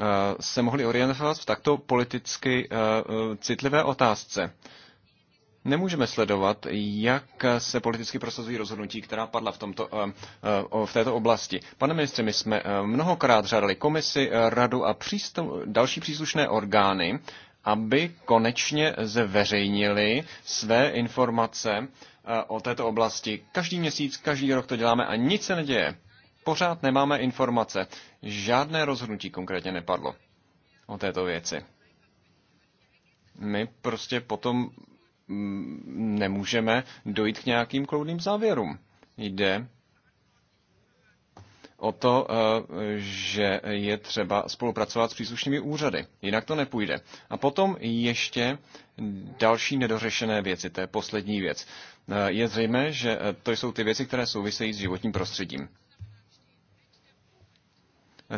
eh, se mohli orientovat v takto politicky eh, eh, citlivé otázce. Nemůžeme sledovat, jak se politicky prosazují rozhodnutí, která padla v, tomto, eh, eh, v této oblasti. Pane ministře, my jsme eh, mnohokrát žádali komisi, radu a přístup, další příslušné orgány, aby konečně zveřejnili své informace o této oblasti. Každý měsíc, každý rok to děláme a nic se neděje. Pořád nemáme informace. Žádné rozhodnutí konkrétně nepadlo o této věci. My prostě potom Mm, nemůžeme dojít k nějakým kloudným závěrům. Jde o to, eh, že je třeba spolupracovat s příslušnými úřady. Jinak to nepůjde. A potom ještě další nedořešené věci, to je poslední věc. Eh, je zřejmé, že eh, to jsou ty věci, které souvisejí s životním prostředím.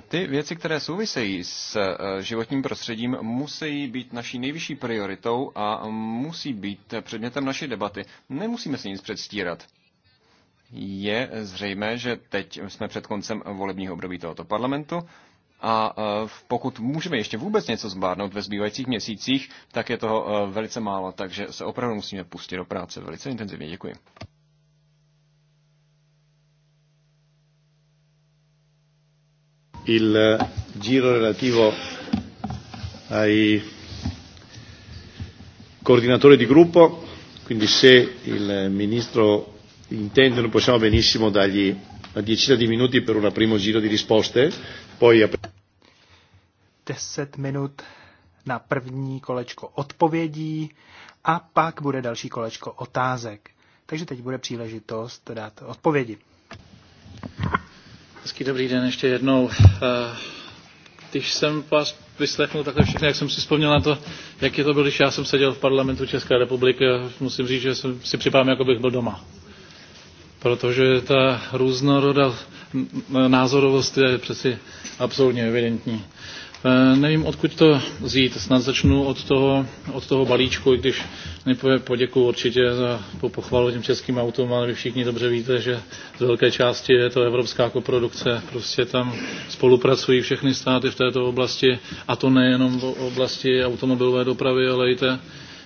Ty věci, které souvisejí s eh, životním prostředím, musí být naší nejvyšší prioritou a musí být předmětem naší debaty. Nemusíme se nic předstírat. Je zřejmé, že teď jsme před koncem volebního období tohoto parlamentu a eh, pokud můžeme ještě vůbec něco zbádnout ve zbývajících měsících, tak je toho eh, velice málo, takže se opravdu musíme pustit do práce velice intenzivně. Děkuji. il eh, giro relativo ai coordinatori di gruppo, quindi se il Ministro intende non possiamo benissimo dargli una decina di minuti per un primo giro di risposte, poi... Deset minut na první kolečko odpovědí a pak bude další kolečko otázek. Takže teď bude příležitost dát odpovědi. Hezký dobrý den ještě jednou. Eh, když jsem vás vyslechnul takhle všechny, jak jsem si vzpomněl na to, jak je to bylo, když já jsem seděl v parlamentu České republiky, musím říct, že jsem si připadám, jako bych byl doma. Protože ta různorodá názorovost je přeci absolutně evidentní. Eh, nevím, odkud to vzít. Snad začnu od toho, od toho balíčku, i když nejprve poděkuji určitě za po pochvalu těm českým autům, ale vy všichni dobře víte, že z velké části je to evropská koprodukce. Prostě tam spolupracují všechny státy v této oblasti, a to nejenom v oblasti automobilové dopravy, ale i té,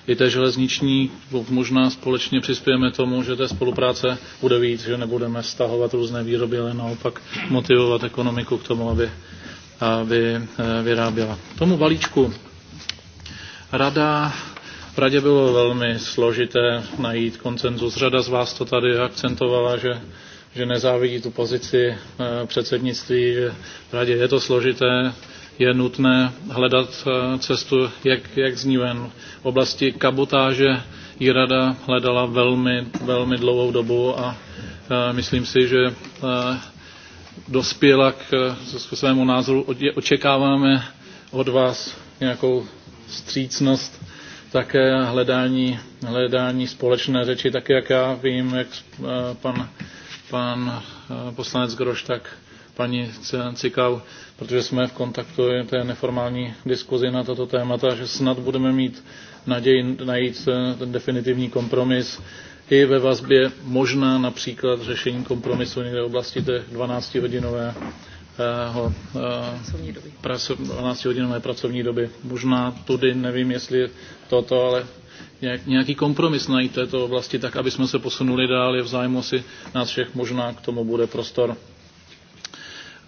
i té železniční. Možná společně přispějeme tomu, že té spolupráce bude víc, že nebudeme stahovat různé výroby, ale naopak motivovat ekonomiku k tomu, aby vy, eh, vyráběla. Tomu balíčku rada v radě bylo velmi složité najít koncenzus. Řada z vás to tady akcentovala, že, že nezávidí tu pozici eh, předsednictví, že v radě je to složité, je nutné hledat eh, cestu, jak, jak zní ven. V oblasti kabotáže ji rada hledala velmi, velmi dlouhou dobu a myslím si, že dospěla k svému názoru. Očekáváme od vás nějakou střícnost, také hledání, hledání společné řeči, tak jak já vím, jak eh, pan, pan eh, poslanec Groš, tak paní Cikau, protože jsme v kontaktu je té neformální diskuzi na toto témata, že snad budeme mít naději najít eh, ten definitivní kompromis, i ve vazbě možná například řešení kompromisu někde v oblasti té 12-hodinové eh, pracovní 12 eh, hodinové pracovní doby. Možná tudy, nevím jestli toto, ale nějaký kompromis najít této oblasti, tak aby jsme se posunuli dál, je v zájmu si nás všech, možná k tomu bude prostor.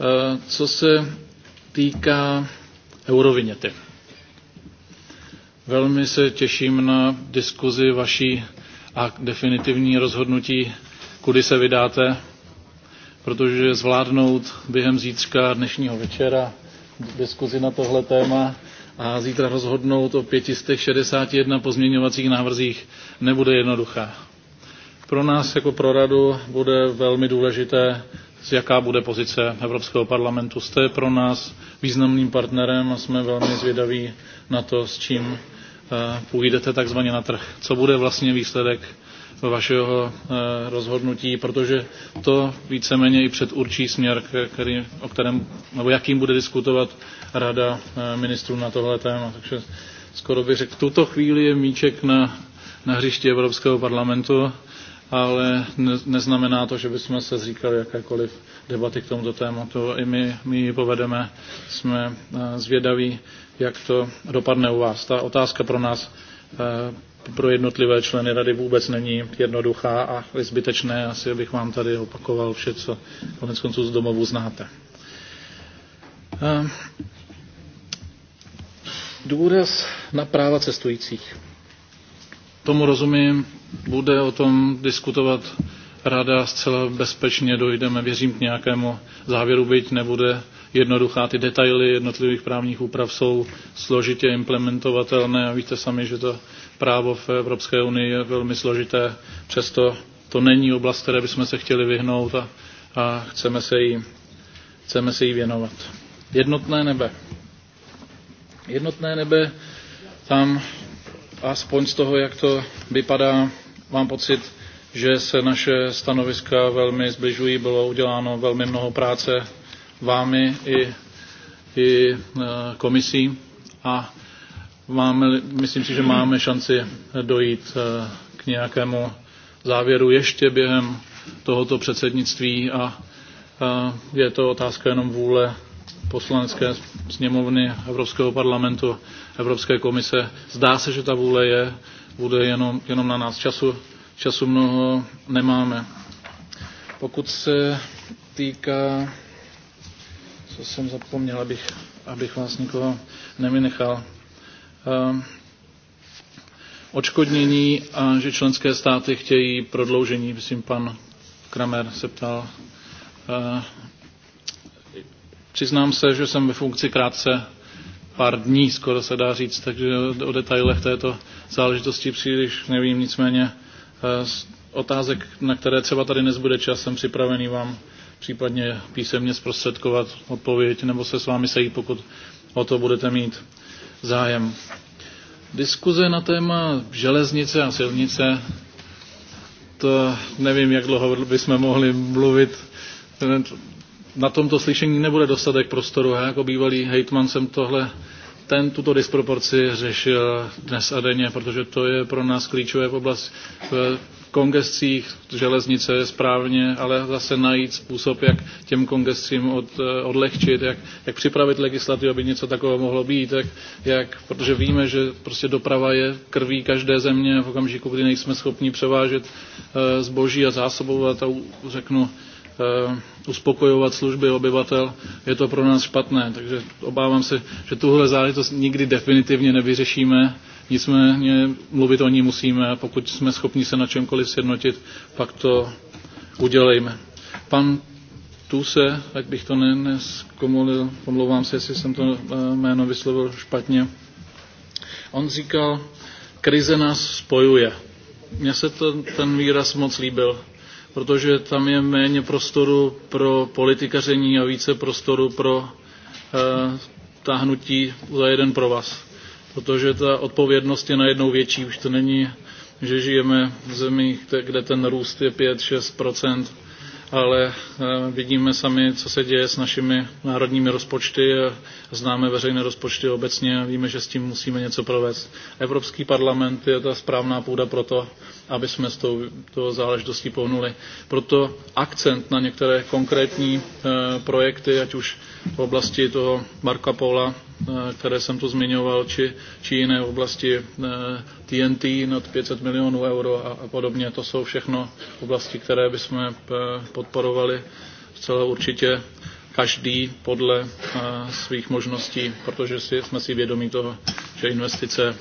Eh, co se týká euroviněty, velmi se těším na diskuzi vaší a definitivní rozhodnutí, kudy se vydáte, protože zvládnout během zítřka dnešního večera diskuzi na tohle téma a zítra rozhodnout o 561 pozměňovacích návrzích nebude jednoduché. Pro nás jako pro radu bude velmi důležité, z jaká bude pozice Evropského parlamentu. Jste pro nás významným partnerem a jsme velmi zvědaví na to, s čím půjdete takzvaně na trh. Co bude vlastně výsledek vašeho e, rozhodnutí, protože to víceméně i předurčí směr, který, o kterém, nebo jakým bude diskutovat rada e, ministrů na tohle téma. Takže skoro bych řekl, v tuto chvíli je míček na, na hřišti Evropského parlamentu ale neznamená to, že bychom se zříkali jakékoliv debaty k tomuto tématu. I my, my ji povedeme, jsme eh, zvědaví, jak to dopadne u vás. Ta otázka pro nás, eh, pro jednotlivé členy rady vůbec není jednoduchá a je zbytečné. Asi bych vám tady opakoval vše, co konec konců z domovu znáte. Eh, důraz na práva cestujících. Tomu rozumím bude o tom diskutovat rada zcela bezpečně dojdeme, věřím, k nějakému závěru, byť nebude jednoduchá. Ty detaily jednotlivých právních úprav jsou složitě implementovatelné a víte sami, že to právo v Evropské unii je velmi složité. Přesto to není oblast, které bychom se chtěli vyhnout a, a chceme, se jí, chceme se jí věnovat. Jednotné nebe. Jednotné nebe, tam aspoň z toho, jak to vypadá, mám pocit, že se naše stanoviska velmi zbližují. Bylo uděláno velmi mnoho práce vámi i, i e, komisí a máme, myslím si, že máme šanci dojít e, k nějakému závěru ještě během tohoto předsednictví a e, je to otázka jenom vůle poslanecké sněmovny Evropského parlamentu, Evropské komise. Zdá se, že ta vůle je, bude jenom, jenom na nás. Času, času mnoho nemáme. Pokud se týká, co jsem zapomněl, abych, abych vás nikoho nevynechal, um, ehm, očkodnění a že členské státy chtějí prodloužení, myslím, pan Kramer se ptal ehm, Přiznám se, že jsem ve funkci krátce pár dní, skoro se dá říct, takže o detailech této záležitosti příliš nevím, nicméně eh, z otázek, na které třeba tady nezbude čas, jsem připravený vám případně písemně zprostředkovat odpověď nebo se s vámi sejít, pokud o to budete mít zájem. Diskuze na téma železnice a silnice, to nevím, jak dlouho bychom mohli mluvit na tomto slyšení nebude dostatek prostoru. Já jako bývalý hejtman jsem tohle, ten, tuto disproporci řešil dnes a denně, protože to je pro nás klíčové v oblasti v kongescích železnice je správně, ale zase najít způsob, jak těm kongescím od, eh, odlehčit, jak, jak připravit legislativu, aby něco takového mohlo být, jak, jak, protože víme, že prostě doprava je krví každé země v okamžiku, kdy nejsme schopni převážet eh, zboží a zásobovat a řeknu, Eh, uspokojovat služby obyvatel, je to pro nás špatné. Takže obávám se, že tuhle záležitost nikdy definitivně nevyřešíme, nicméně mluvit o ní musíme a pokud jsme schopni se na čemkoliv sjednotit, pak to udělejme. Pan tu se, ať bych to neskomolil, pomlouvám se, jestli jsem to eh, jméno vyslovil špatně. On říkal, krize nás spojuje. Mně se to, ten výraz moc líbil protože tam je méně prostoru pro politikaření a více prostoru pro eh, táhnutí za jeden pro vás. Protože ta odpovědnost je najednou větší. Už to není, že žijeme v zemích, kde ten růst je 5-6 ale eh, vidíme sami, co se děje s našimi národními rozpočty, známe veřejné rozpočty obecně a víme, že s tím musíme něco provést. Evropský parlament je ta správná půda pro to, aby jsme s tou, tou záležitostí pohnuli. Proto akcent na některé konkrétní eh, projekty, ať už v oblasti toho Marka Paula Eh, které jsem tu zmiňoval, či, či jiné oblasti TNT eh, nad 500 milionů euro a, a podobně. To jsou všechno oblasti, které bychom eh, podporovali zcela určitě každý podle svých možností, protože si, jsme si vědomí toho, že investice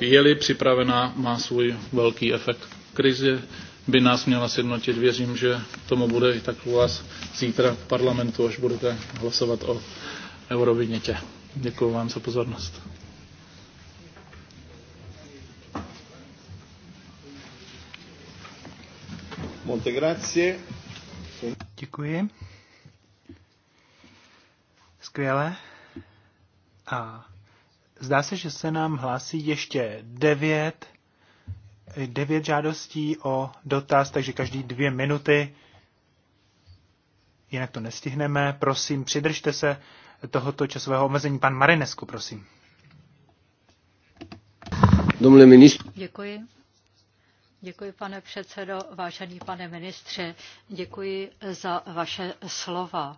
je-li připravená, má svůj velký efekt. Krize by nás měla sjednotit. Věřím, že tomu bude i tak u vás zítra v parlamentu, až budete hlasovat o eurovinětě. Děkuji vám za pozornost. Monte, grazie. Děkuji. Skvěle. A zdá se, že se nám hlásí ještě devět, devět žádostí o dotaz, takže každý dvě minuty. Jinak to nestihneme. Prosím, přidržte se tohoto časového omezení. Pan Marinesku, prosím. ministr. Děkuji. Děkuji, pane předsedo, vážený pane ministře, děkuji za vaše slova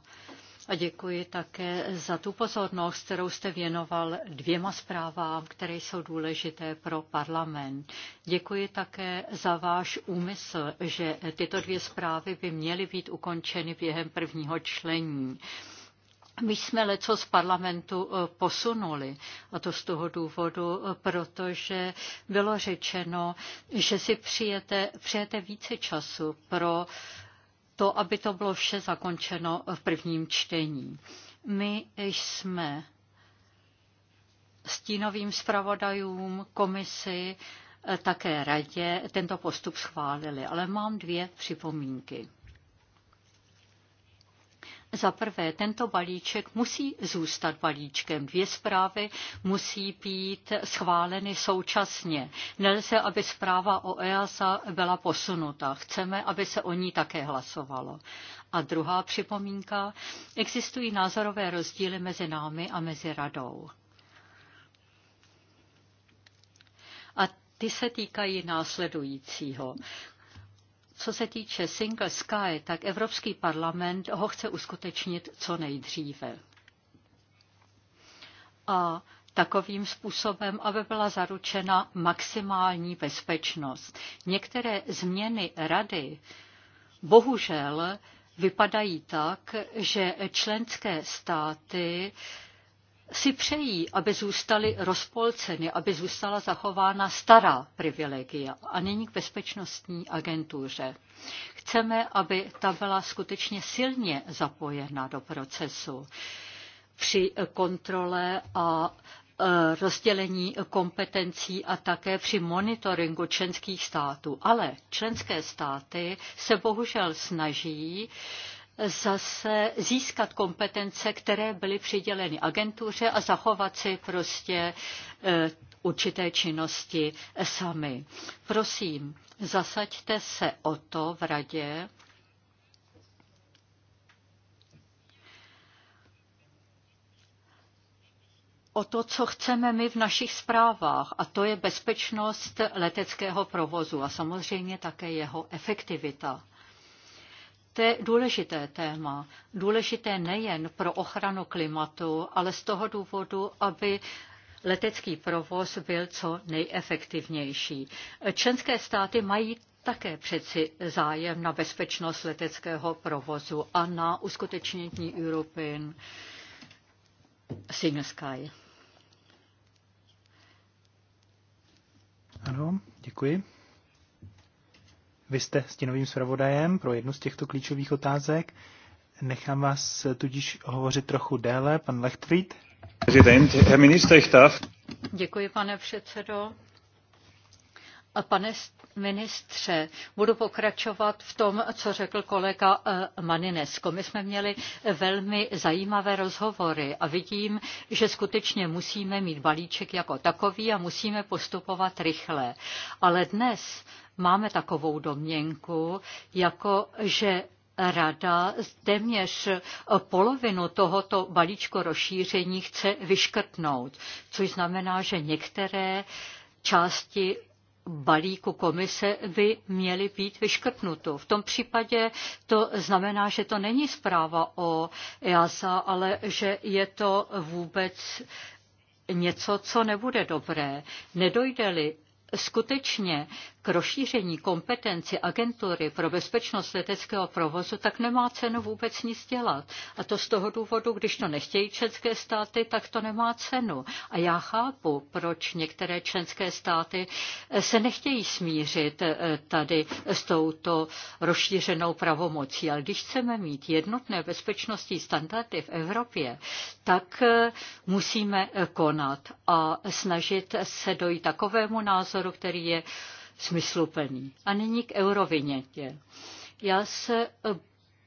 a děkuji také za tu pozornost, kterou jste věnoval dvěma zprávám, které jsou důležité pro parlament. Děkuji také za váš úmysl, že tyto dvě zprávy by měly být ukončeny během prvního člení. My jsme leco z parlamentu eh, posunuli, a to z toho důvodu, eh, protože bylo řečeno, že si přijete, přijete více času pro to, aby to bylo vše zakončeno v prvním čtení. My jsme stínovým zpravodajům, komisi, eh, také radě tento postup schválili, ale mám dvě připomínky. Za prvé, tento balíček musí zůstat balíčkem. Dvě zprávy musí být schváleny současně. Nelze, aby zpráva o EASA byla posunuta. Chceme, aby se o ní také hlasovalo. A druhá připomínka, existují názorové rozdíly mezi námi a mezi radou. A ty se týkají následujícího. Co se týče Single Sky, tak Evropský parlament ho chce uskutečnit co nejdříve. A takovým způsobem, aby byla zaručena maximální bezpečnost. Některé změny rady bohužel vypadají tak, že členské státy si přejí, aby zůstaly rozpolceny, aby zůstala zachována stará privilegia. A není k bezpečnostní agentuře. Chceme, aby ta byla skutečně silně zapojena do procesu při kontrole a e, rozdělení kompetencí a také při monitoringu členských států. Ale členské státy se bohužel snaží zase získat kompetence, které byly přiděleny agentuře a zachovat si prostě e, určité činnosti sami. Prosím, zasaďte se o to v radě, o to, co chceme my v našich zprávách, a to je bezpečnost leteckého provozu a samozřejmě také jeho efektivita. To je důležité téma. Důležité nejen pro ochranu klimatu, ale z toho důvodu, aby letecký provoz byl co nejefektivnější. Členské státy mají také přeci zájem na bezpečnost leteckého provozu a na uskutečnění European Single Sky. Ano, děkuji. Vy jste stínovým zpravodajem pro jednu z těchto klíčových otázek. Nechám vás tudíž hovořit trochu déle. Pan Lechtfried. Děkuji, pane předsedo. Pane ministře, budu pokračovat v tom, co řekl kolega eh, Maninesko. My jsme měli velmi zajímavé rozhovory a vidím, že skutečně musíme mít balíček jako takový a musíme postupovat rychle. Ale dnes máme takovou domněnku, jako že Rada téměř polovinu tohoto balíčku rozšíření chce vyškrtnout, což znamená, že některé části balíku komise by měly být vyškrtnuto. V tom případě to znamená, že to není zpráva o EASA, ale že je to vůbec něco, co nebude dobré. Nedojde-li skutečně k rozšíření kompetenci agentury pro bezpečnost leteckého provozu, tak nemá cenu vůbec nic dělat. A to z toho důvodu, když to nechtějí členské státy, tak to nemá cenu. A já chápu, proč některé členské státy eh, se nechtějí smířit eh, tady s touto rozšířenou pravomocí. Ale když chceme mít jednotné bezpečnostní standardy v Evropě, tak eh, musíme konat a snažit se dojít takovému názoru, který je smysluplný. A nyní k eurovinětě. Já se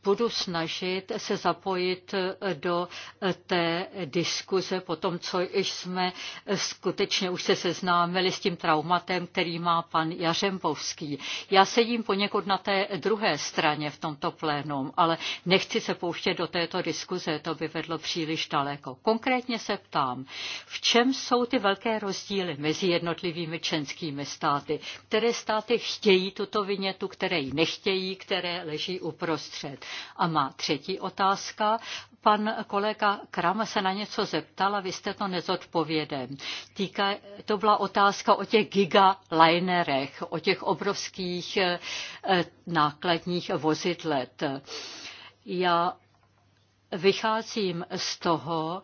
budu snažit se zapojit do té diskuze po tom, co jsme skutečně už se seznámili s tím traumatem, který má pan Jařembovský. Já sedím poněkud na té druhé straně v tomto plénum, ale nechci se pouštět do této diskuze, to by vedlo příliš daleko. Konkrétně se ptám, v čem jsou ty velké rozdíly mezi jednotlivými členskými státy? Které státy chtějí tuto vynětu, které ji nechtějí, které leží uprostřed? A má třetí otázka. Pan kolega Kram se na něco zeptal a vy jste to nezodpověděl. Týka, to byla otázka o těch gigalinerech, o těch obrovských eh, nákladních vozidlet. Já vycházím z toho,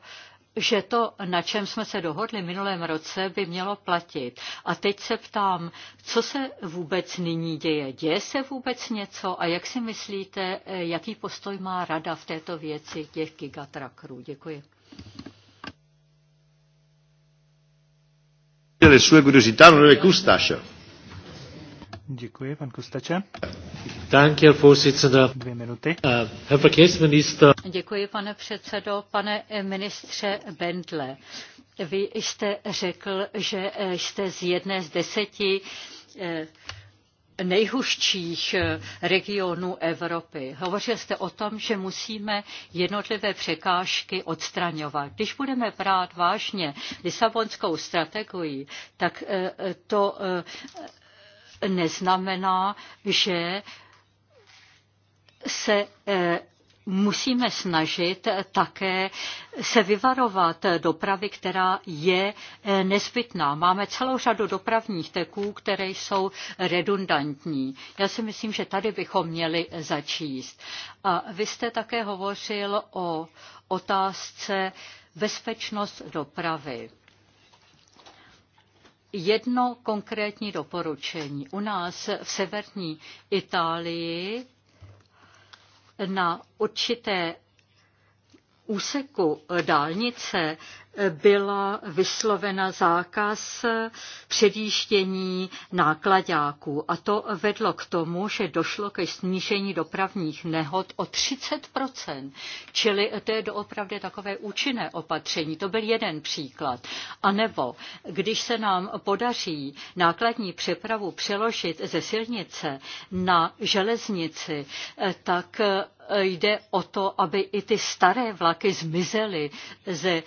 že to, na čem jsme se dohodli minulém roce, by mělo platit. A teď se ptám, co se vůbec nyní děje? Děje se vůbec něco? A jak si myslíte, eh, jaký postoj má rada v této věci těch gigatrakrů? Děkuji. Děkuji, pan Kustače. Dvě minuty. Uh, Děkuji, pane předsedo, pane eh, ministře Bendle. Vy jste řekl, že eh, jste z jedné z deseti eh, nejhužších regionů Evropy. Hovořil jste o tom, že musíme jednotlivé překážky odstraňovat. Když budeme brát vážně Lisabonskou strategii, tak to neznamená, že se eh, musíme snažit také se vyvarovat dopravy, která je eh, nezbytná. Máme celou řadu dopravních teků, které jsou redundantní. Já si myslím, že tady bychom měli začíst. A vy jste také hovořil o otázce bezpečnost dopravy. Jedno konkrétní doporučení. U nás v severní Itálii na určité úseku dálnice byla vyslovena zákaz předjíždění nákladáků a to vedlo k tomu, že došlo ke snížení dopravních nehod o 30%, čili to je doopravdy takové účinné opatření. To byl jeden příklad. A nebo když se nám podaří nákladní přepravu přeložit ze silnice na železnici, tak jde o to, aby i ty staré vlaky zmizely ze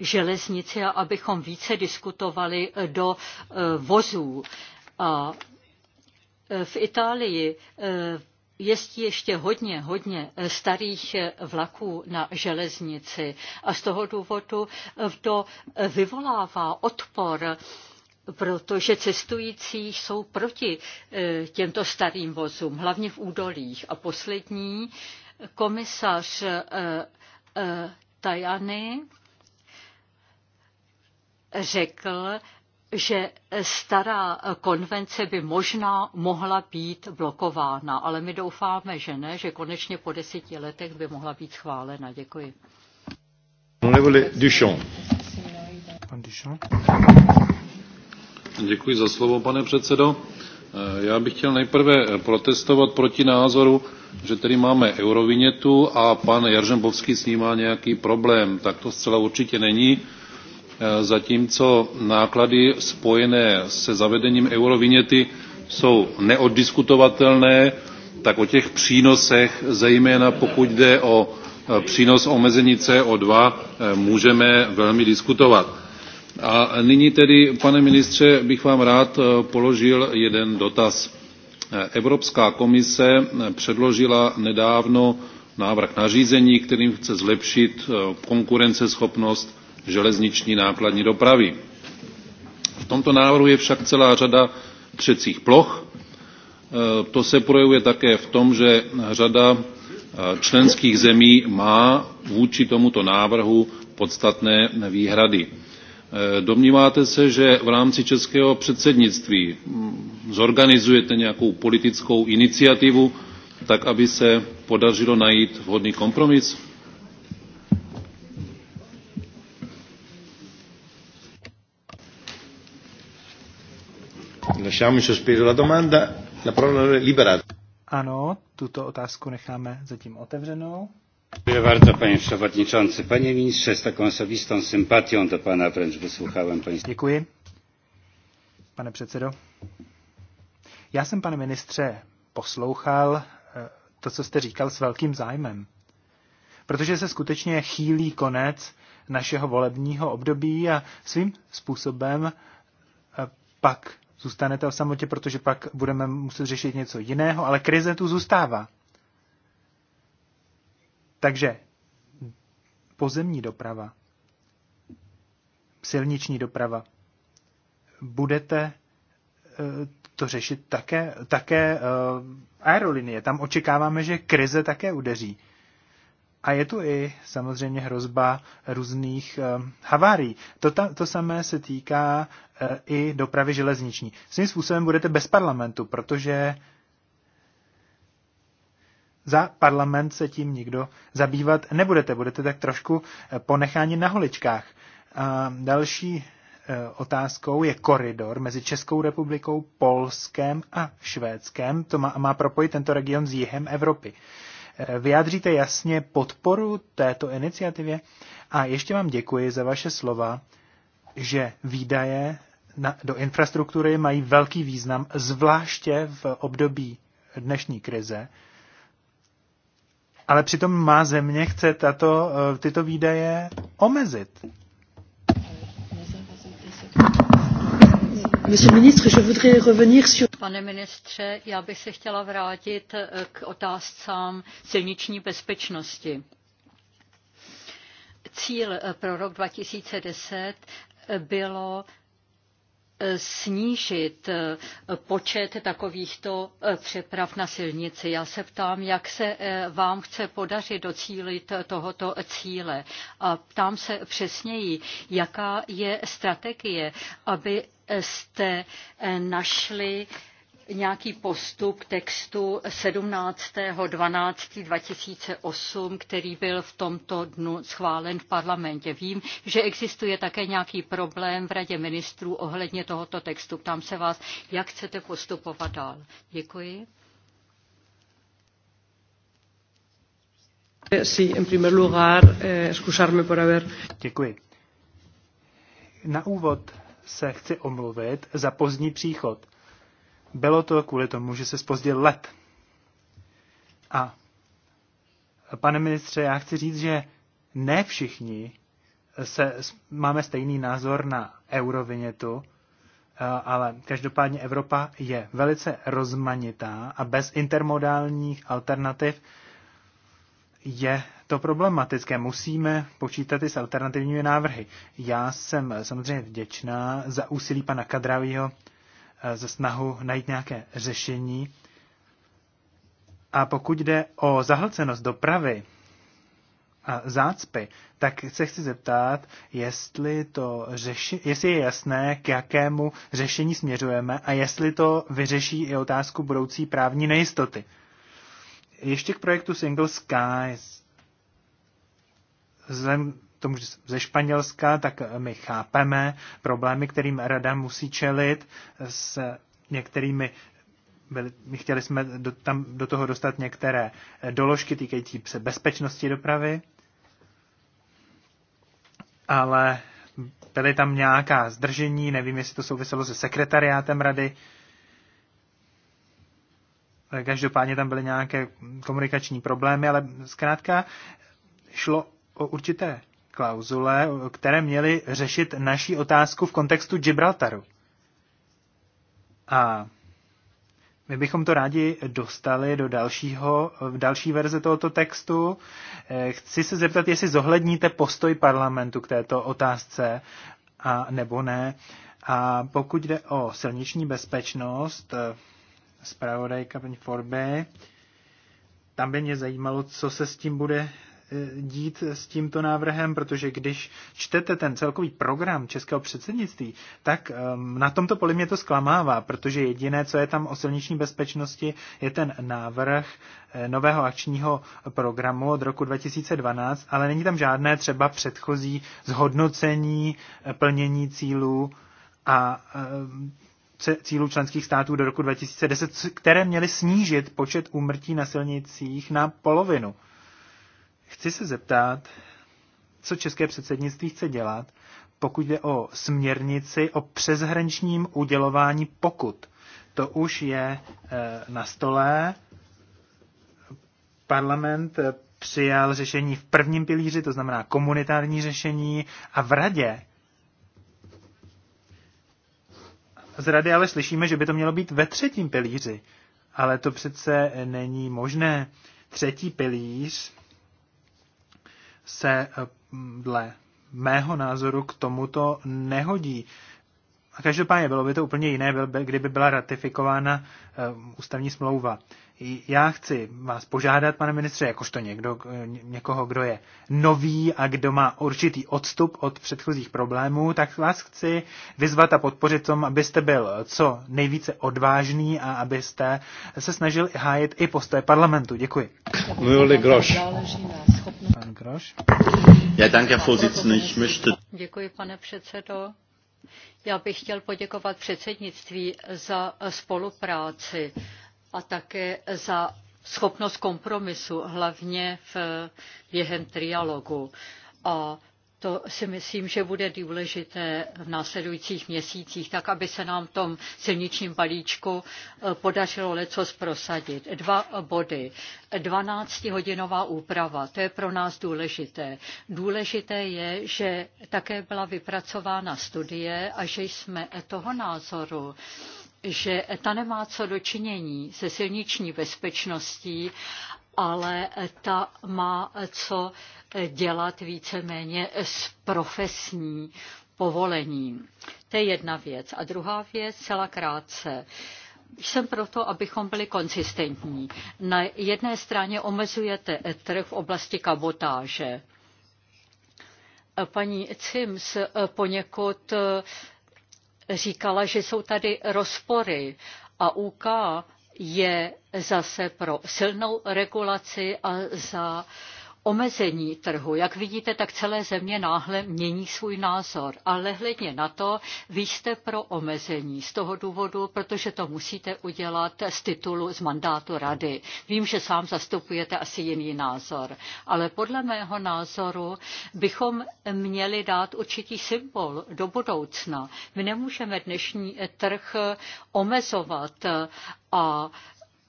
železnice a abychom více diskutovali do e, vozů. A e, v Itálii e, jezdí ještě hodně, hodně starých vlaků na železnici a z toho důvodu to vyvolává odpor protože cestující jsou proti e, těmto starým vozům, hlavně v údolích. A poslední, komisař e, e, Tajany řekl, že stará konvence by možná mohla být blokována, ale my doufáme, že ne, že konečně po deseti letech by mohla být schválena. Děkuji. Pan Duchamp. Děkuji za slovo, pane předsedo. Eh, já bych chtěl nejprve protestovat proti názoru, že tady máme eurovinětu a pan Jaržembovský s ní má nějaký problém. Tak to zcela určitě není. Eh, zatímco náklady spojené se zavedením euroviněty jsou neoddiskutovatelné, tak o těch přínosech, zejména pokud jde o eh, přínos omezení CO2, můžeme velmi diskutovat a nyní tedy, pane ministře, bych vám rád eh, položil jeden dotaz. Eh, Evropská komise eh, předložila nedávno návrh nařízení, kterým chce zlepšit konkurenceschopnost železniční nákladní dopravy. V tomto návrhu je však celá řada třecích ploch. To se projevuje také v tom, že řada členských zemí má vůči tomuto návrhu podstatné výhrady. Eh, domníváte se, že v rámci českého předsednictví mm, zorganizujete nějakou politickou iniciativu, tak aby se podařilo najít vhodný kompromis? la domanda, Ano, tuto otázku necháme zatím otevřenou. Dziękuję bardzo panie przewodniczący. Panie ministrze, z taką osobistą sympatią do pana wręcz wysłuchałem państwa. Pane předsedo. Já jsem, pane ministře, poslouchal eh, to, co jste říkal, s velkým zájmem. Protože se skutečně chýlí konec našeho volebního období a svým způsobem eh, pak zůstanete o samotě, protože pak budeme muset řešit něco jiného, ale krize tu zůstává. Takže pozemní doprava, silniční doprava, budete eh, to řešit také, také eh, aerolinie. Tam očekáváme, že krize také udeří. A je tu i samozřejmě hrozba různých eh, havárií. To, ta, to samé se týká i dopravy železniční. Svým způsobem budete bez parlamentu, protože za parlament se tím nikdo zabývat nebudete. Budete tak trošku eh, ponecháni na holičkách. A další eh, otázkou je koridor mezi Českou republikou, Polskem a Švédskem. To má, má propojit tento region s jihem Evropy. Eh, vyjádříte jasně podporu této iniciativě a ještě vám děkuji za vaše slova, že výdaje na, do infrastruktury mají velký význam, zvláště v období dnešní krize, ale přitom má země chce tato, eh, tyto výdaje omezit. Pane ministře, já bych se chtěla vrátit eh, k otázkám silniční bezpečnosti. Cíl eh, pro rok 2010 bylo snížit eh, počet takovýchto eh, přeprav na silnici. Já se ptám, jak se eh, vám chce podařit docílit tohoto cíle. A ptám se přesněji, jaká je strategie, aby jste našli nějaký postup textu 17. 12. 2008, který byl v tomto dnu schválen v parlamentě. Vím, že existuje také nějaký problém v radě ministrů ohledně tohoto textu. Ptám se vás, jak chcete postupovat dál. Děkuji. Sí, en primer lugar, eh, excusarme por haber... Děkuji. Na úvod se chci omluvit za pozdní příchod bylo to kvůli tomu, že se spozdil let. A pane ministře, já chci říct, že ne všichni se, máme stejný názor na eurovinětu, eh, ale každopádně Evropa je velice rozmanitá a bez intermodálních alternativ je to problematické. Musíme počítat i s alternativními návrhy. Já jsem samozřejmě vděčná za úsilí pana Kadravího Eh, za snahu najít nějaké řešení. A pokud jde o zahlcenost dopravy a zácpy, tak se chci zeptat, jestli, to řeši, jestli je jasné, k jakému řešení směřujeme a jestli to vyřeší i otázku budoucí právní nejistoty. Ještě k projektu Single Skies. Vzhledem tomu ze Španělska, tak my chápeme problémy, kterým rada musí čelit s některými byli, my chtěli jsme do, tam do toho dostat některé doložky týkající se bezpečnosti dopravy, ale byly tam nějaká zdržení, nevím, jestli to souviselo se sekretariátem rady. Každopádně tam byly nějaké komunikační problémy, ale zkrátka šlo o určité klauzule, které měly řešit naší otázku v kontextu Gibraltaru. A my bychom to rádi dostali do dalšího, v další verze tohoto textu. Eh, chci se zeptat, jestli zohledníte postoj parlamentu k této otázce, a nebo ne. A pokud jde o silniční bezpečnost, eh, zpravodajka paní Forby, tam by mě zajímalo, co se s tím bude Eh, dít s tímto návrhem, protože když čtete ten celkový program českého předsednictví, tak ehm, na tomto poli mě to zklamává, protože jediné, co je tam o silniční bezpečnosti, je ten návrh eh, nového akčního programu od roku 2012, ale není tam žádné třeba předchozí zhodnocení eh, plnění cílů a ehm, cílů členských států do roku 2010, které měly snížit počet úmrtí na silnicích na polovinu. Chci se zeptat, co české předsednictví chce dělat, pokud jde o směrnici o přeshraničním udělování pokut. To už je eh, na stole. Parlament eh, přijal řešení v prvním pilíři, to znamená komunitární řešení, a v radě. Z rady ale slyšíme, že by to mělo být ve třetím pilíři, ale to přece není možné. Třetí pilíř se eh, dle mého názoru k tomuto nehodí. A každopádně bylo by to úplně jiné, kdyby byla ratifikována eh, ústavní smlouva. Já chci vás požádat, pane ministře, jakožto někdo, eh, někoho, kdo je nový a kdo má určitý odstup od předchozích problémů, tak vás chci vyzvat a podpořit tom, abyste byl co nejvíce odvážný a abyste se snažil hájit i postoje parlamentu. Děkuji. Groš. Děkuji, pane předsedo. Já bych chtěl poděkovat předsednictví za spolupráci a také za schopnost kompromisu, hlavně v, během trialogu. A to si myslím, že bude důležité v následujících měsících, tak aby se nám v tom silničním balíčku eh, podařilo lecos prosadit. Dva body. 12-hodinová úprava, to je pro nás důležité. Důležité je, že také byla vypracována studie a že jsme toho názoru, že ta nemá co dočinění se silniční bezpečností ale ta má co dělat víceméně s profesní povolením. To je jedna věc. A druhá věc, celá krátce jsem proto, abychom byli konzistentní. Na jedné straně omezujete trh v oblasti kabotáže. Paní Cims poněkud říkala, že jsou tady rozpory a UK je zase pro silnou regulaci a za omezení trhu. Jak vidíte, tak celé země náhle mění svůj názor, ale hledně na to, vy jste pro omezení z toho důvodu, protože to musíte udělat z titulu, z mandátu rady. Vím, že sám zastupujete asi jiný názor, ale podle mého názoru bychom měli dát určitý symbol do budoucna. My nemůžeme dnešní trh omezovat a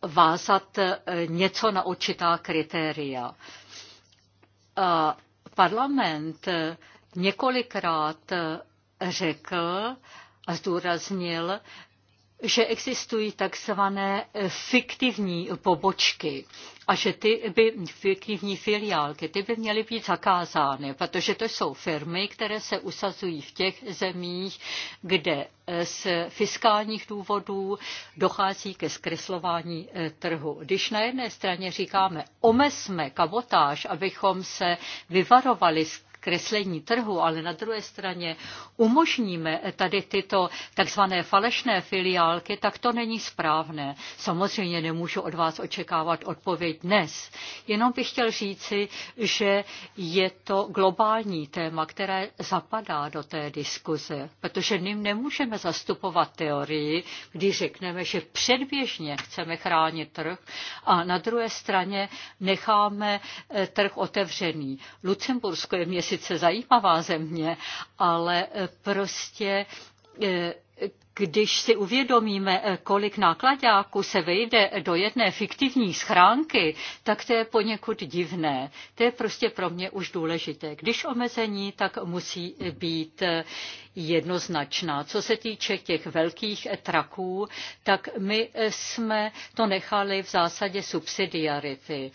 vázat něco na určitá kritéria. Eh, parlament několikrát řekl a zdůraznil, že existují takzvané eh, fiktivní pobočky a že ty by, fiktivní filiálky, ty by měly být zakázány, protože to jsou firmy, které se usazují v těch zemích, kde eh, z fiskálních důvodů dochází ke zkreslování eh, trhu. Když na jedné straně říkáme, omezme kabotáž, abychom se vyvarovali z kreslení trhu, ale na druhé straně umožníme tady tyto takzvané falešné filiálky, tak to není správné. Samozřejmě nemůžu od vás očekávat odpověď dnes. Jenom bych chtěl říci, že je to globální téma, které zapadá do té diskuze, protože ním nemůžeme zastupovat teorii, když řekneme, že předběžně chceme chránit trh a na druhé straně necháme eh, trh otevřený. Lucembursko je měsíc sice zajímavá země, ale prostě eh, když si uvědomíme, eh, kolik nákladáků se vejde do jedné fiktivní schránky, tak to je poněkud divné. To je prostě pro mě už důležité. Když omezení, tak musí být eh, jednoznačná. Co se týče těch velkých eh, traků, tak my jsme to nechali v zásadě subsidiarity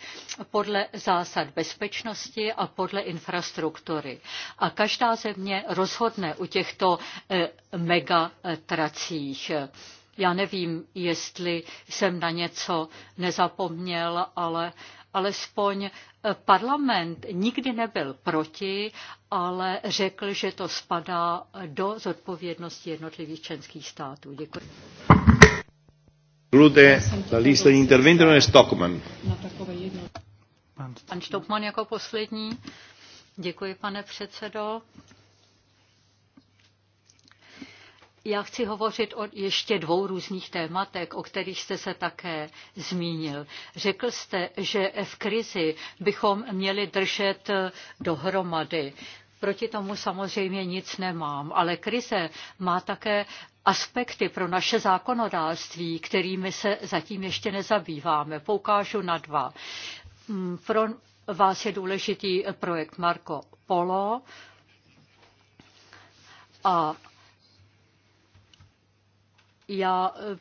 podle zásad bezpečnosti a podle infrastruktury. A každá země rozhodne u těchto mega tracích. Já nevím, jestli jsem na něco nezapomněl, ale alespoň parlament nikdy nebyl proti, ale řekl, že to spadá do zodpovědnosti jednotlivých členských států. Děkuji. Klude, la lista di intervento je Stockman. Pan Stockman jako poslední. Děkuji, pane předsedo. Já chci hovořit o ještě dvou různých tématech, o kterých jste se také zmínil. Řekl jste, že v krizi bychom měli držet dohromady. Proti tomu samozřejmě nic nemám, ale krize má také aspekty pro naše zákonodárství, kterými se zatím ještě nezabýváme. Poukážu na dva. Mm, pro vás je důležitý projekt Marco Polo a já eh,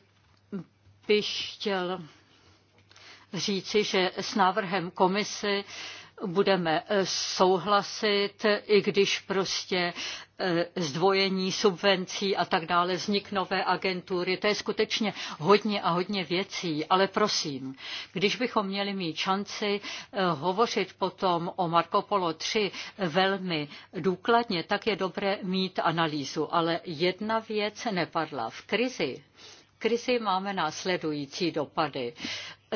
bych chtěl říci, že s návrhem komise budeme eh, souhlasit, i když prostě eh, zdvojení subvencí a tak dále, vznik nové agentury. To je skutečně hodně a hodně věcí, ale prosím, když bychom měli mít šanci eh, hovořit potom o Marco Polo 3 velmi důkladně, tak je dobré mít analýzu. Ale jedna věc nepadla. V krizi krizi máme následující dopady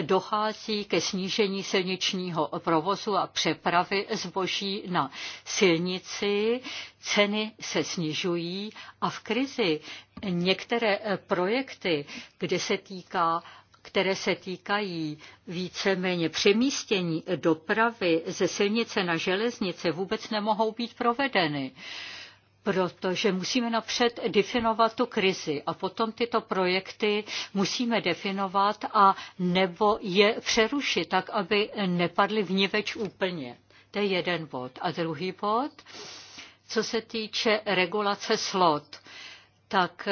dochází ke snížení silničního provozu a přepravy zboží na silnici, ceny se snižují a v krizi některé projekty, kde se týká které se týkají víceméně přemístění dopravy ze silnice na železnice, vůbec nemohou být provedeny protože musíme napřed definovat tu krizi a potom tyto projekty musíme definovat a nebo je přerušit tak, aby nepadly v vniveč úplně. To je jeden bod. A druhý bod, co se týče regulace slot, tak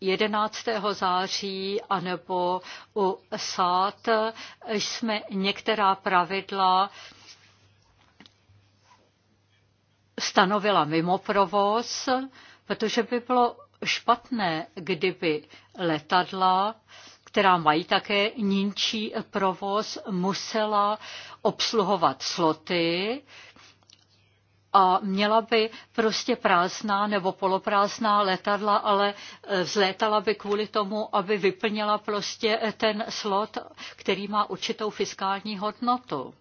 11. Eh, září anebo u SAT eh, jsme některá pravidla stanovila mimo provoz, protože by bylo špatné, kdyby letadla, která mají také ninčí provoz, musela obsluhovat sloty, a měla by prostě prázdná nebo poloprázdná letadla, ale e, vzlétala by kvůli tomu, aby vyplnila prostě ten slot, který má určitou fiskální hodnotu.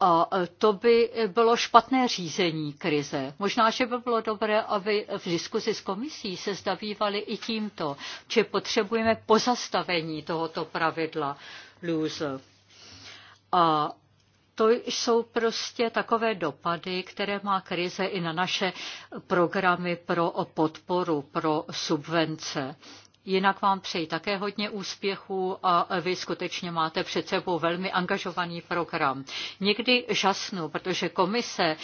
A e, to by bylo špatné řízení krize. Možná, že by bylo dobré, aby v diskusi s komisí se zdavívali i tímto, že potřebujeme pozastavení tohoto pravidla lůze. A to jsou prostě takové dopady, které má krize i na naše programy pro podporu, pro subvence. Jinak vám přeji také hodně úspěchů a vy skutečně máte před sebou velmi angažovaný program. Někdy žasnu, protože komise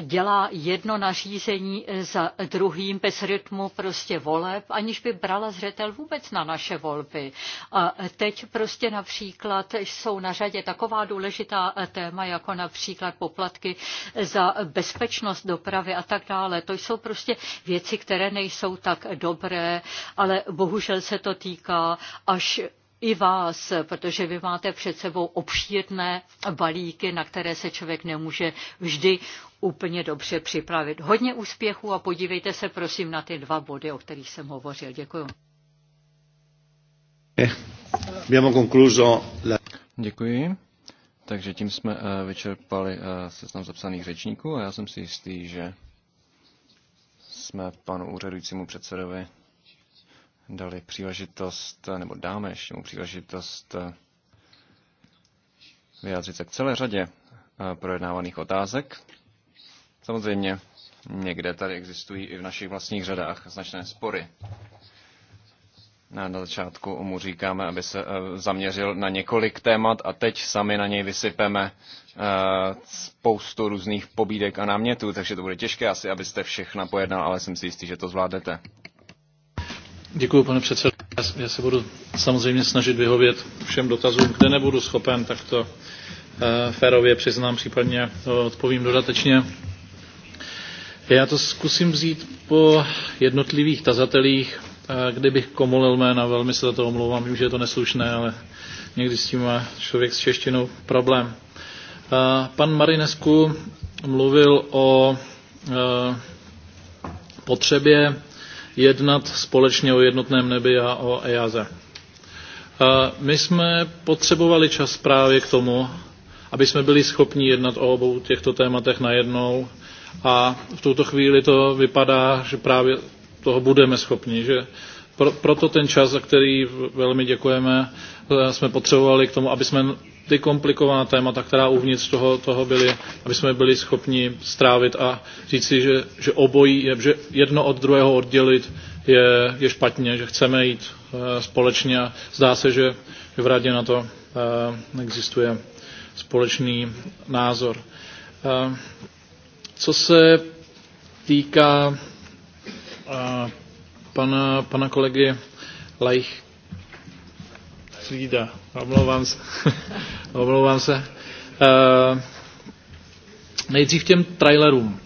dělá jedno nařízení za druhým bez rytmu prostě voleb, aniž by brala zřetel vůbec na naše volby. A teď prostě například jsou na řadě taková důležitá téma, jako například poplatky za bezpečnost dopravy a tak dále. To jsou prostě věci, které nejsou tak dobré, ale bohužel se to týká až i vás, protože vy máte před sebou obšírné balíky, na které se člověk nemůže vždy úplně dobře připravit. Hodně úspěchu a podívejte se prosím na ty dva body, o kterých jsem hovořil. Děkuji. Eh, Děkuji. Takže tím jsme eh, vyčerpali eh, seznam zapsaných řečníků a já jsem si jistý, že jsme panu úřadujícímu předsedovi dali příležitost, nebo dáme ještě mu příležitost eh, vyjádřit se k celé řadě eh, projednávaných otázek. Samozřejmě někde tady existují i v našich vlastních řadách značné spory. Na začátku mu říkáme, aby se eh, zaměřil na několik témat a teď sami na něj vysypeme spoustu různých pobídek a námětů, takže to bude těžké asi, abyste všechna pojednal, ale jsem si jistý, že to zvládnete. Děkuji, pane předsedo. Já se budu samozřejmě snažit vyhovět všem dotazům, kde nebudu schopen, tak to eh, férově přiznám, případně eh, odpovím dodatečně. Já to zkusím vzít po jednotlivých tazatelích, eh, kdybych komolil jména, velmi se za to omlouvám, vím, že je to neslušné, ale někdy s tím má člověk s češtinou problém. Pan Marinesku mluvil o potřebě jednat společně o jednotném nebi a o EASE. Eh, my jsme potřebovali čas právě k tomu, aby jsme byli schopni jednat o obou těchto tématech najednou a v tuto chvíli to vypadá, že právě toho budeme schopni, že proto ten čas, za který velmi děkujeme, eh, jsme potřebovali k tomu, aby jsme ty komplikovaná témata, která uvnitř toho, toho byly, aby jsme byli schopni strávit a říct si, že, že obojí, že jedno od druhého oddělit je, je špatně, že chceme jít e, společně a zdá se, že v radě na to e, existuje společný názor. E, co se týká e, pana, pana kolegy Lajch omlouvám se. omlouvám se. Uh, nejdřív těm trailerům.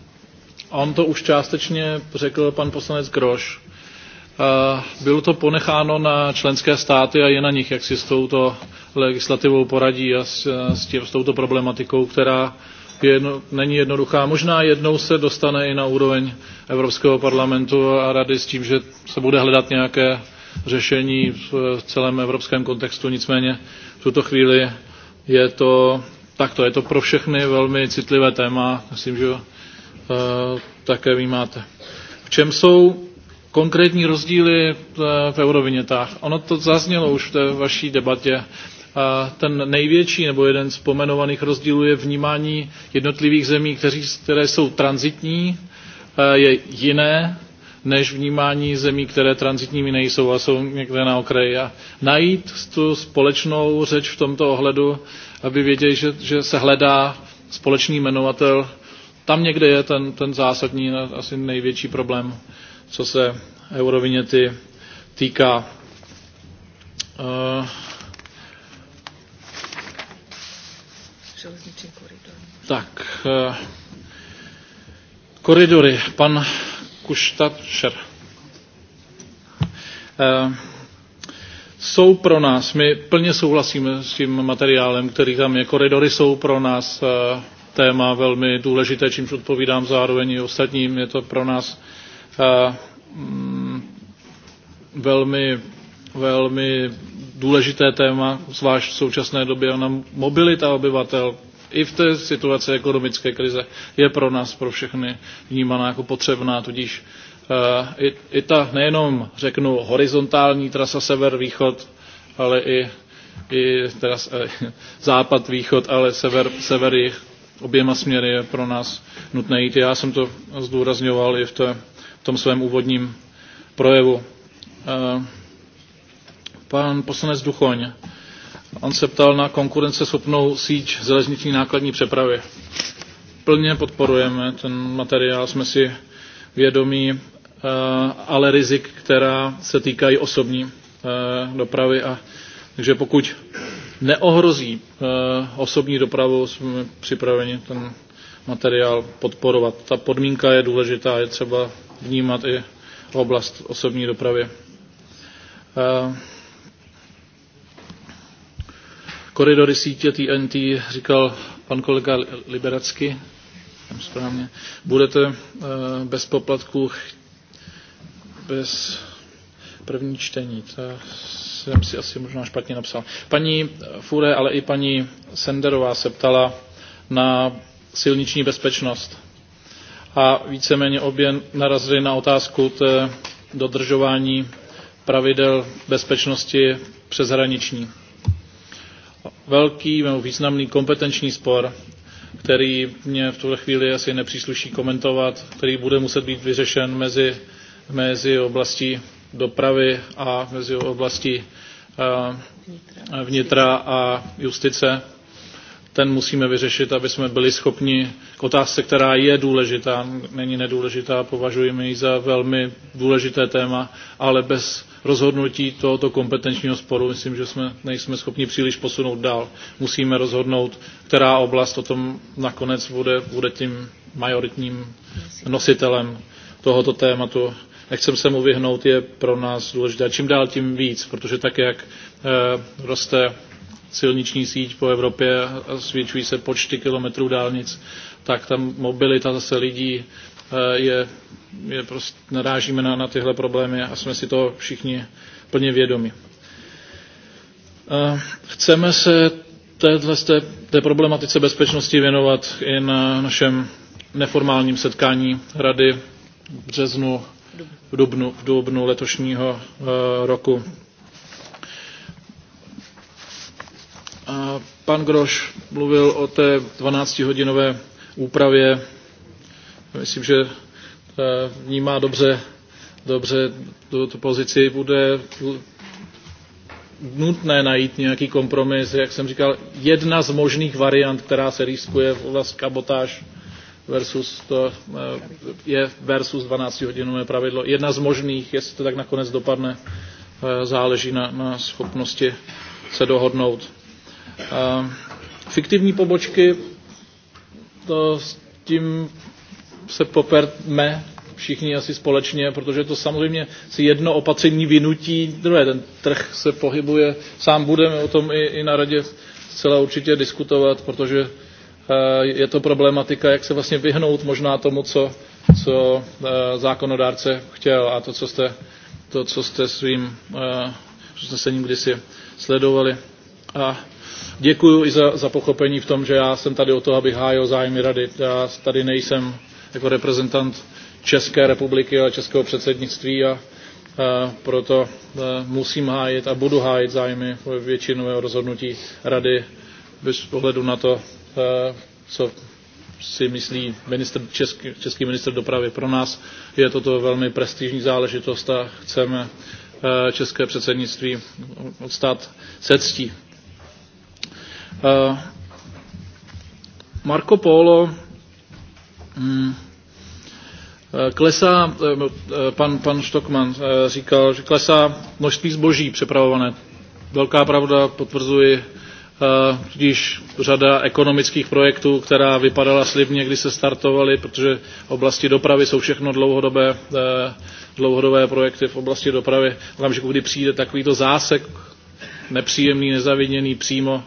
On to už částečně řekl pan poslanec Groš. Uh, bylo to ponecháno na členské státy a je na nich, jak si s touto legislativou poradí a s, s, tím, s touto problematikou, která je jedno, není jednoduchá. Možná jednou se dostane i na úroveň Evropského parlamentu a rady s tím, že se bude hledat nějaké řešení v celém evropském kontextu, nicméně v tuto chvíli je to takto, je to pro všechny velmi citlivé téma, myslím, že eh, také vnímáte. V čem jsou konkrétní rozdíly eh, v eurovinětách? Ono to zaznělo už v té vaší debatě. A eh, ten největší nebo jeden z pomenovaných rozdílů je vnímání jednotlivých zemí, kteří, které jsou transitní, je jiné než vnímání zemí, které transitními nejsou a jsou někde na okraji. A najít tu společnou řeč v tomto ohledu, aby věděli, že, že se hledá společný jmenovatel. Tam někde je ten, ten zásadní, asi největší problém, co se eurovinety týká. Uh, tak, eh, koridory. Pan šer. Eh, jsou pro nás, my plně souhlasíme s tím materiálem, který tam je. Koridory jsou pro nás eh, téma velmi důležité, čímž odpovídám zároveň i ostatním. Je to pro nás eh, mm, velmi, velmi důležité téma, zvlášť v současné době. Ona mobilita obyvatel, i v té situaci ekonomické krize je pro nás, pro všechny vnímaná jako potřebná, tudíž eh, i, i ta nejenom, řeknu, horizontální trasa sever-východ, ale i, i teda eh, západ-východ, ale sever, sever oběma směry je pro nás nutné jít. Já jsem to zdůrazňoval i v, té, v tom svém úvodním projevu. Eh, pan poslanec Duchoň On se ptal na konkurenceschopnou síť železniční nákladní přepravy. Plně podporujeme ten materiál, jsme si vědomí, eh, ale rizik, která se týkají osobní eh, dopravy. A, takže pokud neohrozí eh, osobní dopravu, jsme připraveni ten materiál podporovat. Ta podmínka je důležitá, je třeba vnímat i oblast osobní dopravy koridory sítě TNT, říkal pan kolega Liberacky, správně, budete eh, bez poplatků bez první čtení. To jsem si asi možná špatně napsal. Paní Fure, ale i paní Senderová se ptala na silniční bezpečnost. A víceméně obě narazili na otázku té dodržování pravidel bezpečnosti přeshraniční velký nebo významný kompetenční spor, který mě v tuhle chvíli asi nepřísluší komentovat, který bude muset být vyřešen mezi, mezi oblastí dopravy a mezi oblastí eh, vnitra a justice. Ten musíme vyřešit, aby jsme byli schopni k otázce, která je důležitá, není nedůležitá, považujeme ji za velmi důležité téma, ale bez rozhodnutí tohoto kompetenčního sporu. Myslím, že jsme, nejsme schopni příliš posunout dál. Musíme rozhodnout, která oblast o tom nakonec bude, bude tím majoritním nositelem tohoto tématu. Nechcem se mu vyhnout, je pro nás důležité. Čím dál, tím víc, protože tak, jak e, roste silniční síť po Evropě a zvětšují se počty kilometrů dálnic, tak tam mobilita zase lidí Eh, je, je prostě narážíme na, na tyhle problémy a jsme si to všichni plně vědomi. Eh, chceme se téhle, té, té problematice bezpečnosti věnovat i na našem neformálním setkání rady v březnu, v dubnu, v dubnu letošního eh, roku. pan Groš mluvil o té 12-hodinové úpravě myslím, že eh, vnímá dobře, dobře tu, tu pozici. Bude nutné najít nějaký kompromis, jak jsem říkal, jedna z možných variant, která se riskuje oblast kabotáž versus to eh, je versus 12 hodinové pravidlo. Jedna z možných, jestli to tak nakonec dopadne, eh, záleží na, na schopnosti se dohodnout. Fiktivní pobočky, to s tím se poperme všichni asi společně, protože to samozřejmě si jedno opatření vynutí druhé. Ten trh se pohybuje, sám budeme o tom i, i na radě zcela určitě diskutovat, protože eh, je to problematika, jak se vlastně vyhnout možná tomu, co, co eh, zákonodárce chtěl a to, co jste, to, co jste svým eh, usnesením kdysi sledovali. A děkuji i za, za pochopení v tom, že já jsem tady o to, abych hájil zájmy rady. Já tady nejsem jako reprezentant České republiky a českého předsednictví a proto e, musím hájit a budu hájit zájmy většinového rozhodnutí rady bez pohledu na to, e, co si myslí minister, český, český minister dopravy. Pro nás je toto velmi prestižní záležitost a chceme e, české předsednictví odstát se ctí. Marco Polo Hmm. Eh, klesá, eh, eh, pan, pan Stockman říkal, že klesá množství zboží přepravované. Velká pravda, potvrzuji, tudíž řada ekonomických projektů, která vypadala slibně, když se startovaly, protože oblasti dopravy jsou všechno dlouhodobé, dlouhodobé projekty v oblasti dopravy. V kdy přijde takovýto zásek, nepříjemný, nezaviněný přímo,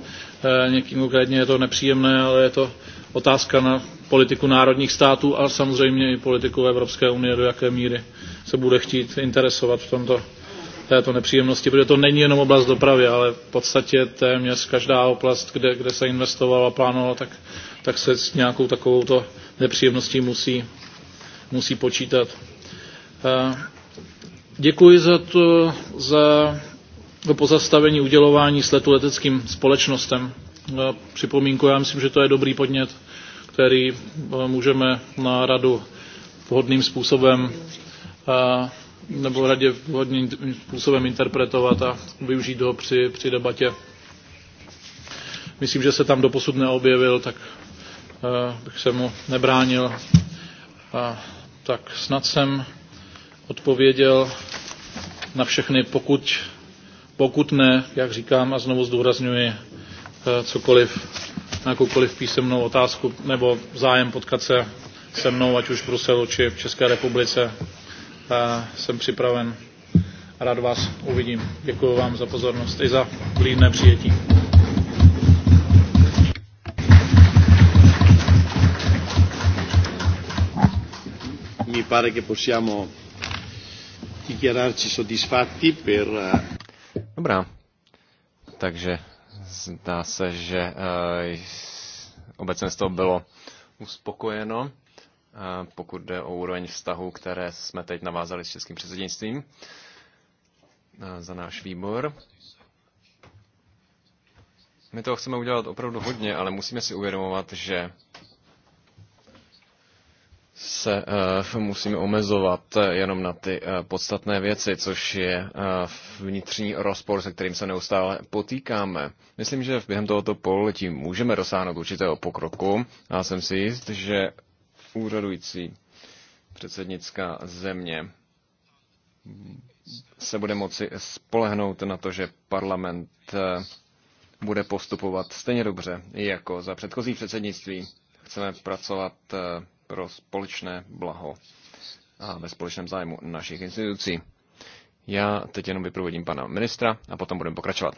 někým konkrétně je to nepříjemné, ale je to otázka na politiku národních států a samozřejmě i politiku Evropské unie, do jaké míry se bude chtít interesovat v tomto této nepříjemnosti, protože to není jenom oblast dopravy, ale v podstatě téměř každá oblast, kde, kde se investovalo a plánovalo, tak, tak se s nějakou takovou nepříjemností musí, musí počítat. Eh, děkuji za to, za pozastavení udělování sletu leteckým společnostem. No, připomínku. Já myslím, že to je dobrý podnět, který eh, můžeme na radu vhodným způsobem eh, nebo radě vhodným způsobem interpretovat a využít ho při, při debatě. Myslím, že se tam doposud neobjevil, tak eh, bych se mu nebránil. A tak snad jsem odpověděl na všechny, pokud, pokud ne, jak říkám a znovu zdůrazňuji, Eh, cokoliv, nějakoukoliv písemnou otázku nebo zájem potkat se se mnou, ať už v Bruselu či v České republice, eh, jsem připraven. Rád vás uvidím. Děkuji vám za pozornost i za blídné přijetí. Mi pare che possiamo dichiararci soddisfatti per... Eh, Dobrá, takže Zdá se, že eh, obecenstvo bylo uspokojeno, eh, pokud jde o úroveň vztahu, které jsme teď navázali s českým předsednictvím eh, za náš výbor. My toho chceme udělat opravdu hodně, ale musíme si uvědomovat, že se eh, musíme omezovat eh, jenom na ty eh, podstatné věci, což je vnitřní rozpor, se kterým se neustále potýkáme. Myslím, že během tohoto pololetí můžeme dosáhnout určitého pokroku a jsem si jist, že úřadující předsednická země se bude moci spolehnout na to, že parlament bude postupovat stejně dobře jako za předchozí předsednictví. Chceme pracovat pro společné blaho a ve společném zájmu našich institucí. Já teď jenom vyprovodím pana ministra a potom budeme pokračovat.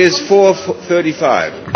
It is 4.35.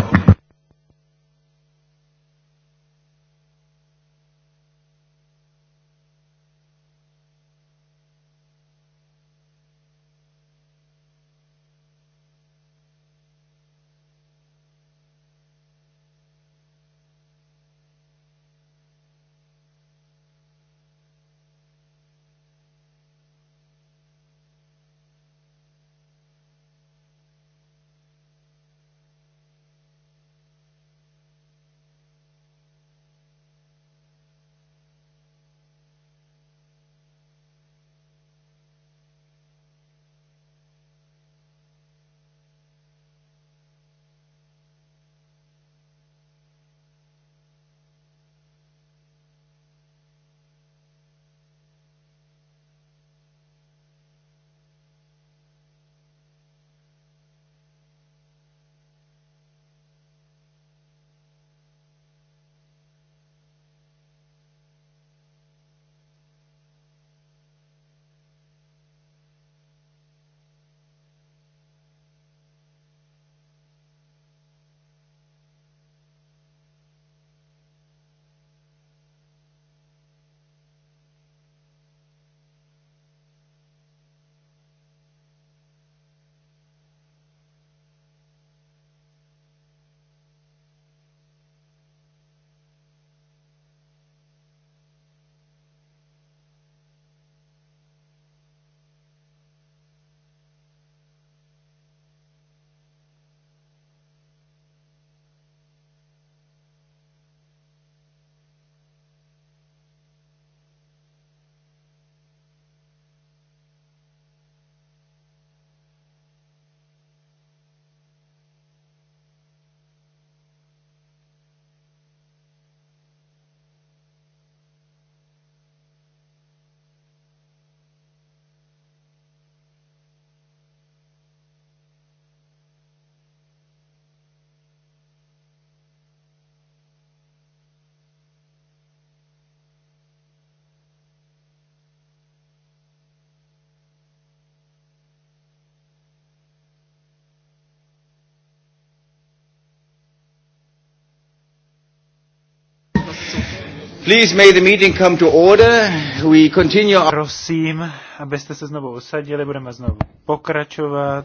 Please may the meeting come to order. We continue. Prosím, abyste se znovu usadili, budeme znovu pokračovat.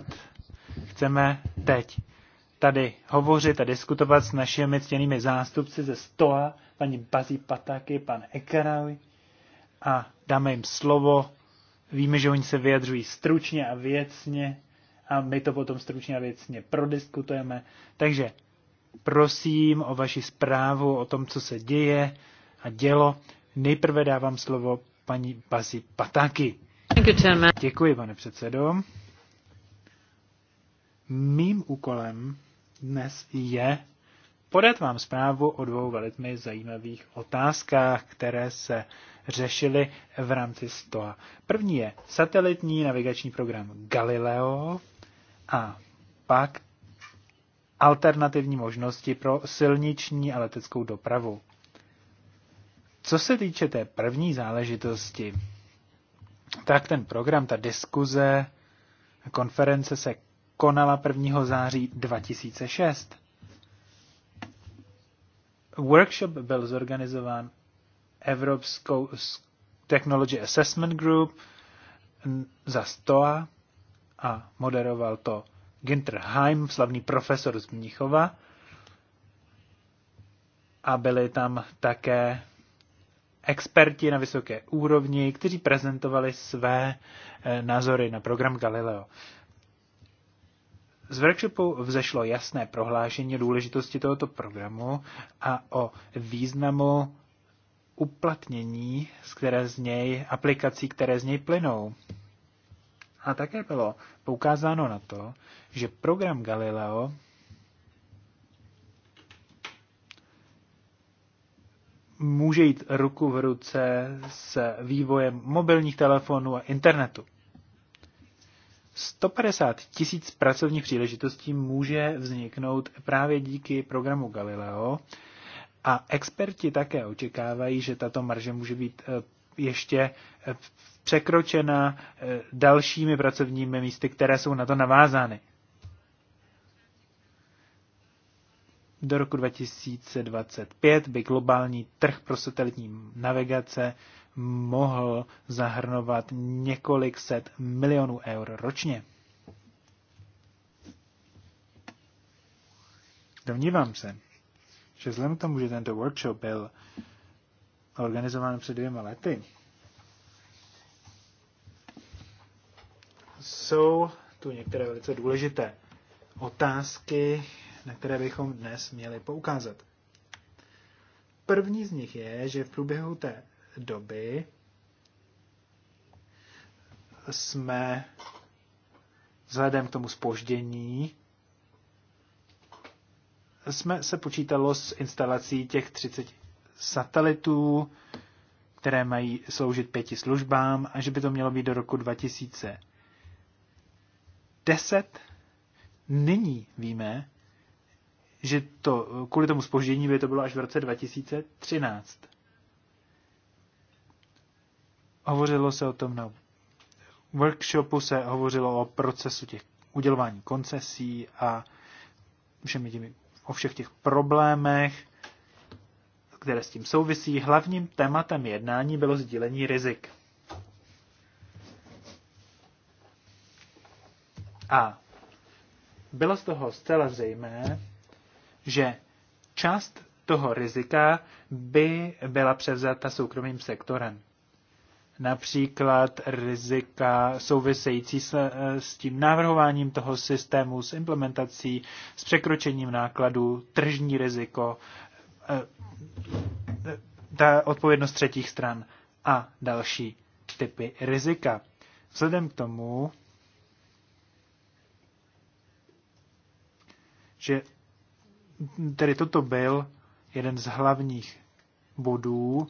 Chceme teď tady hovořit a diskutovat s našimi ctěnými zástupci ze STOA, paní Bazí Pataky, pan Ekarawi a dáme jim slovo. Víme, že oni se vyjadřují stručně a věcně a my to potom stručně a věcně prodiskutujeme. Takže prosím o vaši zprávu o tom, co se děje a dělo. Nejprve dávám slovo paní Bazi Pataky. Děkuji, pane předsedo. Mým úkolem dnes je podat vám zprávu o dvou velmi zajímavých otázkách, které se řešily v rámci STOA. První je satelitní navigační program Galileo a pak alternativní možnosti pro silniční a leteckou dopravu. Co se týče té první záležitosti, tak ten program, ta diskuze, konference se konala 1. září 2006. Workshop byl zorganizován Evropskou Technology Assessment Group za STOA a moderoval to Ginter Heim, slavný profesor z Mnichova. A byly tam také experti na vysoké úrovni, kteří prezentovali své eh, názory na program Galileo. Z workshopu vzešlo jasné prohlášení o důležitosti tohoto programu a o významu uplatnění, z které z něj, aplikací, které z něj plynou. A také bylo poukázáno na to, že program Galileo může jít ruku v ruce s vývojem mobilních telefonů a internetu. 150 tisíc pracovních příležitostí může vzniknout právě díky programu Galileo a experti také očekávají, že tato marže může být eh, ještě eh, překročena eh, dalšími pracovními místy, které jsou na to navázány. do roku 2025 by globální trh pro satelitní navigace mohl zahrnovat několik set milionů eur ročně. Domnívám se, že vzhledem k tomu, že tento workshop byl organizován před dvěma lety, jsou tu některé velice důležité otázky, na které bychom dnes měli poukázat. První z nich je, že v průběhu té doby jsme vzhledem k tomu spoždění jsme se počítalo s instalací těch 30 satelitů, které mají sloužit pěti službám a že by to mělo být do roku 2010. Nyní víme, že to, kvůli tomu spoždění by to bylo až v roce 2013. Hovořilo se o tom na no, workshopu, se hovořilo o procesu těch udělování koncesí a všemi těmi, o všech těch problémech, které s tím souvisí. Hlavním tématem jednání bylo sdílení rizik. A bylo z toho zcela zřejmé, že část toho rizika by byla převzata soukromým sektorem. Například rizika související s, s tím navrhováním toho systému, s implementací, s překročením nákladů, tržní riziko, eh, ta odpovědnost třetích stran a další typy rizika. Vzhledem k tomu, že tedy toto byl jeden z hlavních bodů,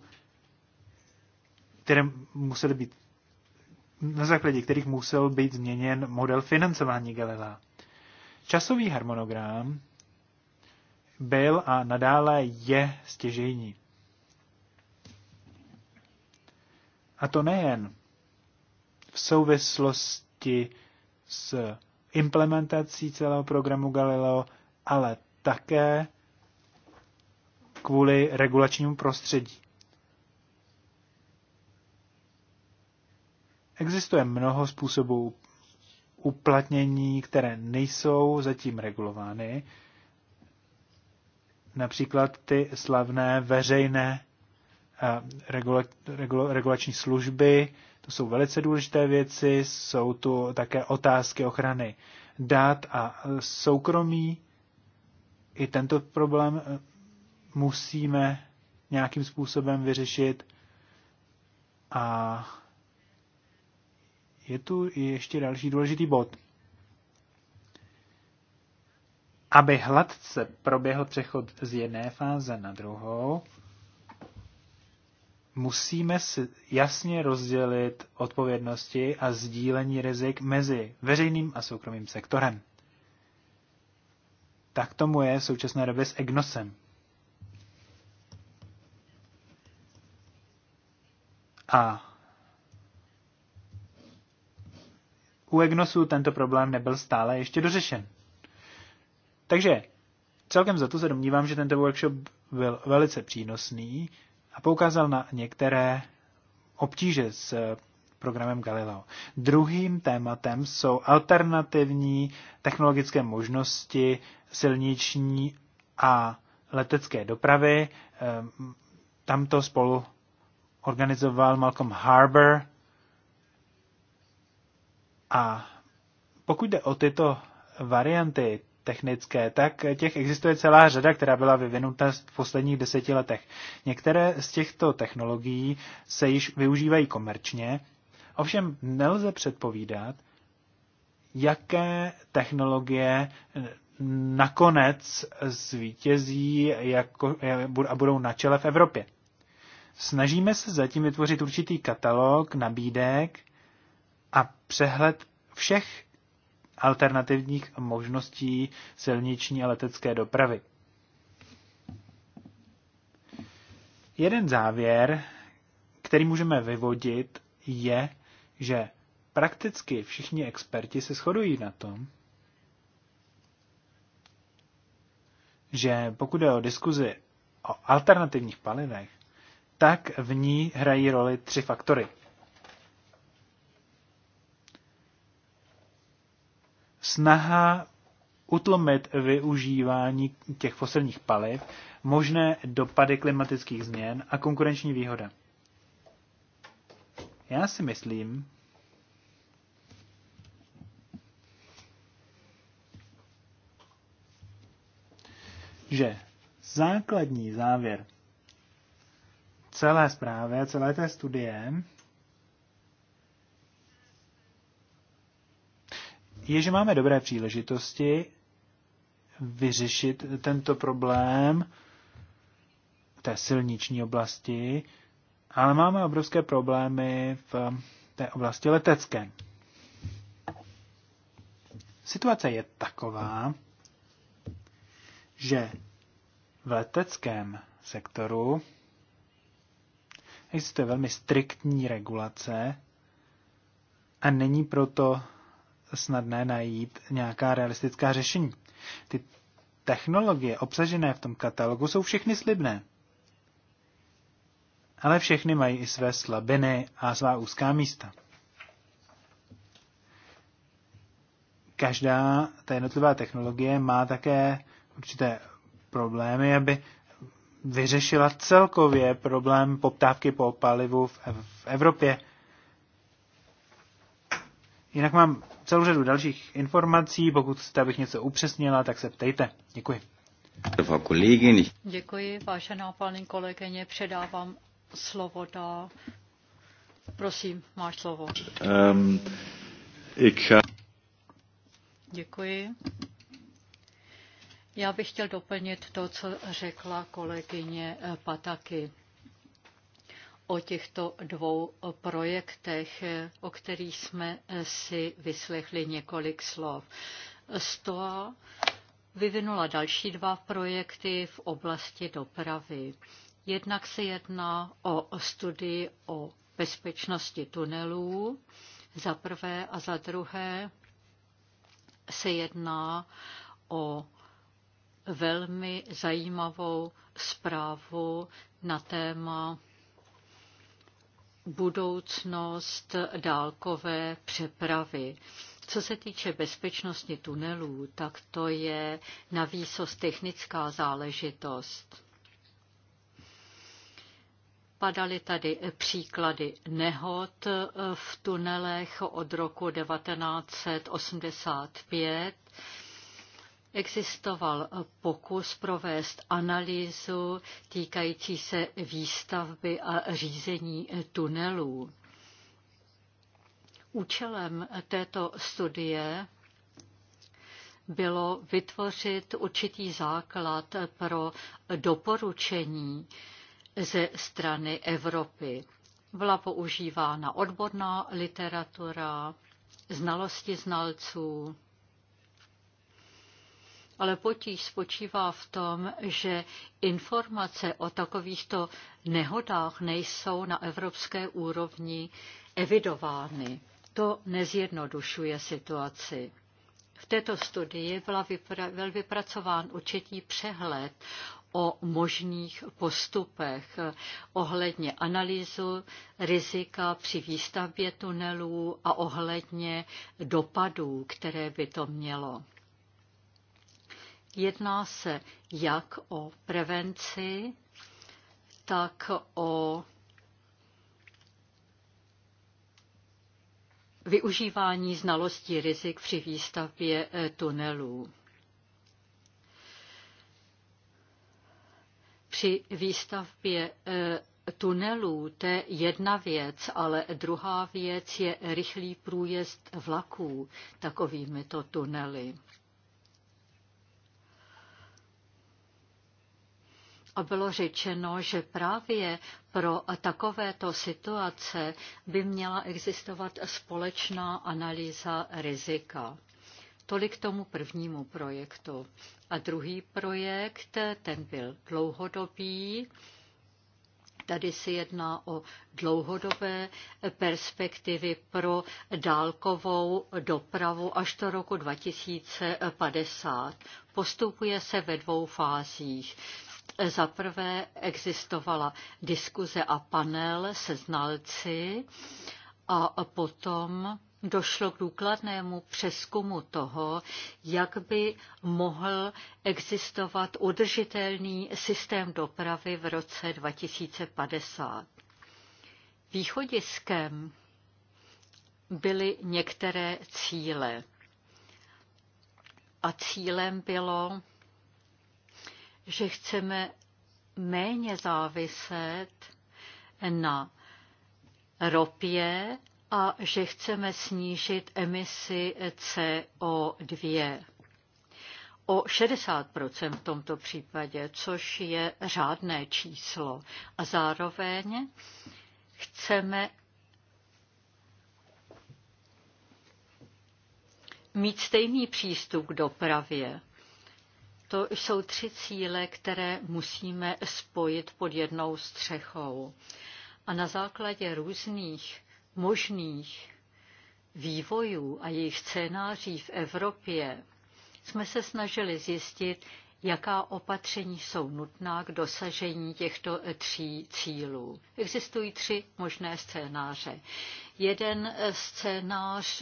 které musely být, na základě kterých musel být změněn model financování Galilea. Časový harmonogram byl a nadále je stěžejní. A to nejen v souvislosti s implementací celého programu Galileo, ale také kvůli regulačnímu prostředí. Existuje mnoho způsobů uplatnění, které nejsou zatím regulovány. Například ty slavné veřejné eh, regulační služby, to jsou velice důležité věci, jsou tu také otázky ochrany dát a soukromí i tento problém eh, musíme nějakým způsobem vyřešit. A je tu i ještě další důležitý bod. Aby hladce proběhl přechod z jedné fáze na druhou, musíme si jasně rozdělit odpovědnosti a sdílení rizik mezi veřejným a soukromým sektorem. Tak tomu je v současné době s EGNOSem. A u EGNOSu tento problém nebyl stále ještě dořešen. Takže celkem za to se domnívám, že tento workshop byl velice přínosný a poukázal na některé obtíže s programem Galileo. Druhým tématem jsou alternativní technologické možnosti silniční a letecké dopravy. Ehm, tam to spolu organizoval Malcolm Harbour. A pokud jde o tyto varianty technické, tak těch existuje celá řada, která byla vyvinuta v posledních deseti letech. Některé z těchto technologií se již využívají komerčně, Ovšem nelze předpovídat, jaké technologie eh, nakonec zvítězí jako, eh, a budou na čele v Evropě. Snažíme se zatím vytvořit určitý katalog nabídek a přehled všech alternativních možností silniční a letecké dopravy. Jeden závěr, který můžeme vyvodit, je, že prakticky všichni experti se shodují na tom, že pokud je o diskuzi o alternativních palivech, tak v ní hrají roli tři faktory. Snaha utlumit využívání těch fosilních paliv, možné dopady klimatických změn a konkurenční výhoda. Já si myslím, že základní závěr celé zprávy a celé té studie je, že máme dobré příležitosti vyřešit tento problém té silniční oblasti, ale máme obrovské problémy v eh, té oblasti letecké. Situace je taková, že v leteckém sektoru existuje velmi striktní regulace a není proto snadné najít nějaká realistická řešení. Ty technologie obsažené v tom katalogu jsou všechny slibné ale všechny mají i své slabiny a svá úzká místa. Každá ta jednotlivá technologie má také určité problémy, aby vyřešila celkově problém poptávky po palivu v Evropě. Jinak mám celou řadu dalších informací. Pokud jste, abych něco upřesnila, tak se ptejte. Děkuji. Děkuji, vážená paní kolegyně. Předávám slovo dá. Prosím, máš slovo. Um, Děkuji. Já bych chtěl doplnit to, co řekla kolegyně eh, Pataky o těchto dvou projektech, o kterých jsme eh, si vyslechli několik slov. STOA vyvinula další dva projekty v oblasti dopravy. Jednak se jedná o studii o bezpečnosti tunelů, za prvé a za druhé se jedná o velmi zajímavou zprávu na téma budoucnost dálkové přepravy. Co se týče bezpečnosti tunelů, tak to je na výsost technická záležitost. Padaly tady příklady nehod eh, v tunelech od roku 1985. Existoval pokus provést analýzu týkající se výstavby a řízení tunelů. Účelem této studie bylo vytvořit určitý základ pro doporučení ze strany Evropy. Byla používána odborná literatura, znalosti znalců, ale potíž spočívá v tom, že informace o takovýchto nehodách nejsou na evropské úrovni evidovány. To nezjednodušuje situaci. V této studii byl vypracován určitý přehled o možných postupech ohledně analýzu rizika při výstavbě tunelů a ohledně dopadů, které by to mělo. Jedná se jak o prevenci, tak o využívání znalostí rizik při výstavbě eh, tunelů. Při výstavbě e, tunelů, to je jedna věc, ale druhá věc je rychlý průjezd vlaků takovými to tunely. A bylo řečeno, že právě pro takovéto situace by měla existovat společná analýza rizika. Tolik k tomu prvnímu projektu. A druhý projekt, ten byl dlouhodobý. Tady se jedná o dlouhodobé perspektivy pro dálkovou dopravu až do roku 2050. Postupuje se ve dvou fázích. Za prvé existovala diskuze a panel se znalci a potom došlo k důkladnému přeskumu toho, jak by mohl existovat udržitelný systém dopravy v roce 2050. Východiskem byly některé cíle. A cílem bylo, že chceme méně záviset na ropě a že chceme snížit emisi CO2 o 60 v tomto případě, což je řádné číslo. A zároveň chceme mít stejný přístup k dopravě. To jsou tři cíle, které musíme spojit pod jednou střechou. A na základě různých možných vývojů a jejich scénáří v Evropě jsme se snažili zjistit, jaká opatření jsou nutná k dosažení těchto tří cílů. Existují tři možné scénáře. Jeden scénář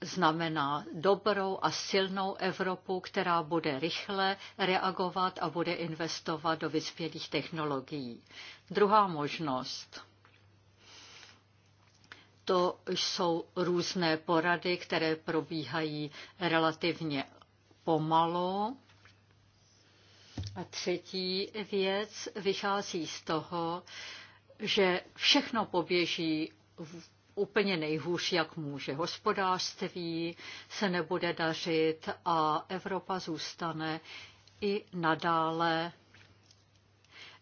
znamená dobrou a silnou Evropu, která bude rychle reagovat a bude investovat do vyspělých technologií. Druhá možnost to jsou různé porady, které probíhají relativně pomalu. A třetí věc vychází z toho, že všechno poběží úplně nejhůř, jak může. Hospodářství se nebude dařit a Evropa zůstane i nadále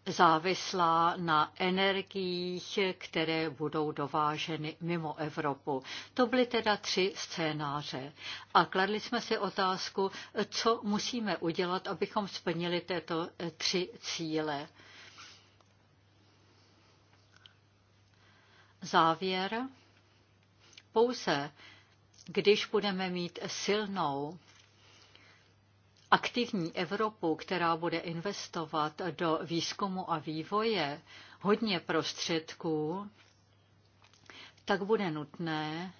závislá na energiích, které budou dováženy mimo Evropu. To byly teda tři scénáře. A kladli jsme si otázku, co musíme udělat, abychom splnili této eh, tři cíle. Závěr. Pouze když budeme mít silnou aktivní Evropu, která bude investovat do výzkumu a vývoje hodně prostředků, tak bude nutné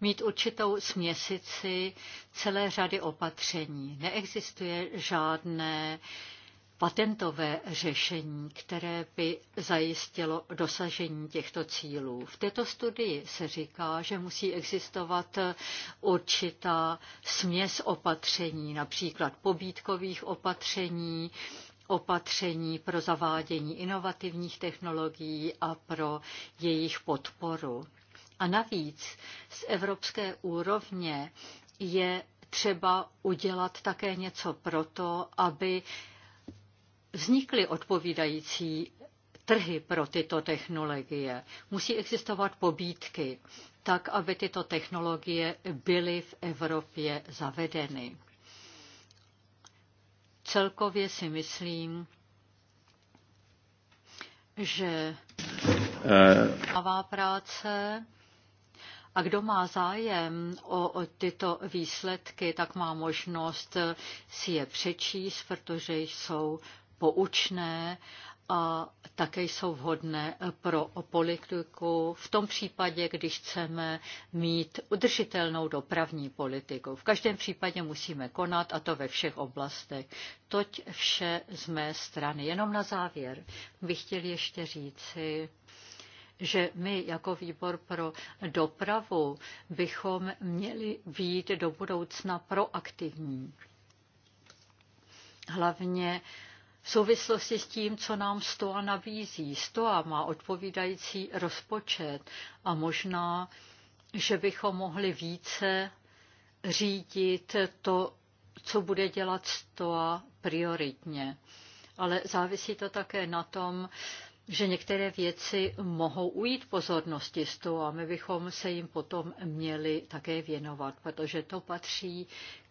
mít určitou směsici celé řady opatření. Neexistuje žádné patentové řešení, které by zajistilo dosažení těchto cílů. V této studii se říká, že musí existovat určitá směs opatření, například pobídkových opatření, opatření pro zavádění inovativních technologií a pro jejich podporu. A navíc z evropské úrovně je třeba udělat také něco proto, aby vznikly odpovídající trhy pro tyto technologie. Musí existovat pobídky, tak aby tyto technologie byly v Evropě zavedeny. Celkově si myslím, že má práce a kdo má zájem o, o tyto výsledky, tak má možnost si je přečíst, protože jsou poučné a také jsou vhodné pro politiku v tom případě, když chceme mít udržitelnou dopravní politiku. V každém případě musíme konat a to ve všech oblastech. Toť vše z mé strany. Jenom na závěr bych chtěl ještě říci, že my jako výbor pro dopravu bychom měli být do budoucna proaktivní. Hlavně v souvislosti s tím, co nám STOA nabízí. STOA má odpovídající rozpočet a možná, že bychom mohli více řídit to, co bude dělat STOA prioritně. Ale závisí to také na tom, že některé věci mohou ujít pozornosti z toho a my bychom se jim potom měli také věnovat, protože to patří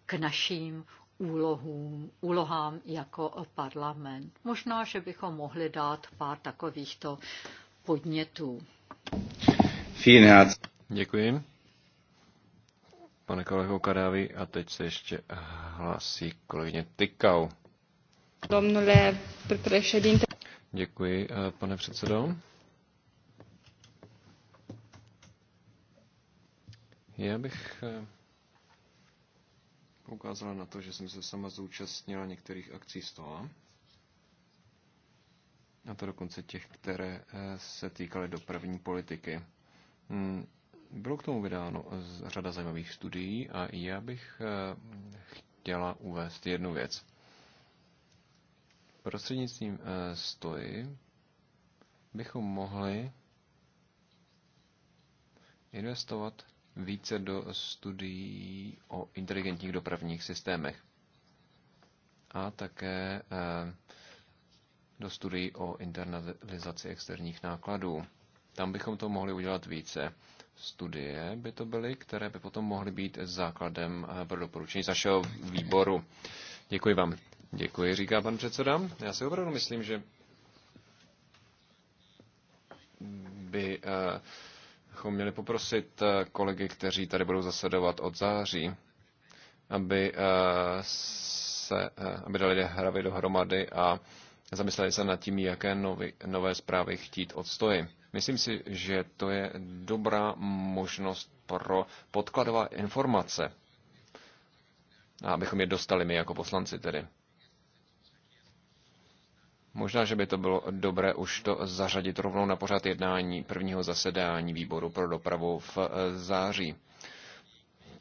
k našim úlohům, úlohám jako parlament. Možná, že bychom mohli dát pár takovýchto podnětů. Děkuji. Pane kolego Kadávi, a teď se ještě hlásí kolegyně Tykau. Děkuji, eh, pane předsedo. Já bych eh, poukázala na to, že jsem se sama zúčastnila některých akcí toho. a to dokonce těch, které eh, se týkaly dopravní politiky. Hmm, bylo k tomu vydáno eh, řada zajímavých studií a já bych eh, chtěla uvést jednu věc. Prostřednictvím stoji bychom mohli investovat více do studií o inteligentních dopravních systémech a také eh, do studií o internalizaci externích nákladů. Tam bychom to mohli udělat více. Studie by to byly, které by potom mohly být základem eh, pro doporučení z našeho výboru. Děkuji vám. Děkuji, říká pan předseda. Já si opravdu myslím, že by uh, bychom měli poprosit eh, kolegy, kteří tady budou zasedovat od září, aby, eh, se, eh, aby dali hravy dohromady a zamysleli se nad tím, jaké novy, nové zprávy chtít odstoji. Myslím si, že to je dobrá možnost pro podkladová informace, abychom je dostali my jako poslanci tedy. Možná, že by to bylo dobré už to zařadit rovnou na pořad jednání prvního zasedání výboru pro dopravu v eh, září.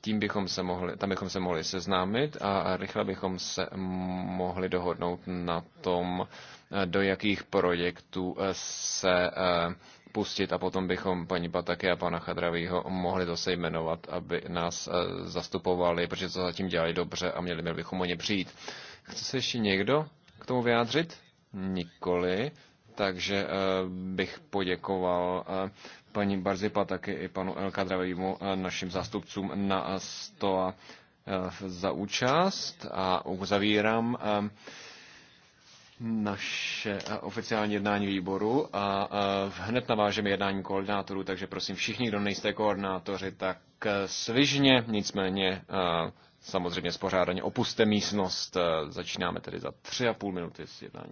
Tím bychom se mohli, tam bychom se mohli seznámit a rychle bychom se mohli dohodnout na tom, eh, do jakých projektů eh, se pustit a potom bychom paní Pataky a pana Chadravýho mohli zase jmenovat, aby nás zastupovali, protože to zatím dělali dobře a měli, měli bychom o ně přijít. Chce se ještě někdo k tomu vyjádřit? nikoli, takže eh, bych poděkoval eh, paní Barzipa taky i panu Elka Dravému, eh, našim zástupcům na STOA za účast a uzavírám naše oficiální jednání výboru a hned navážeme jednání koordinátorů, takže prosím všichni, kdo nejste koordinátoři, tak svižně, nicméně samozřejmě spořádaně opuste místnost. Začínáme tedy za tři a půl minuty s jednání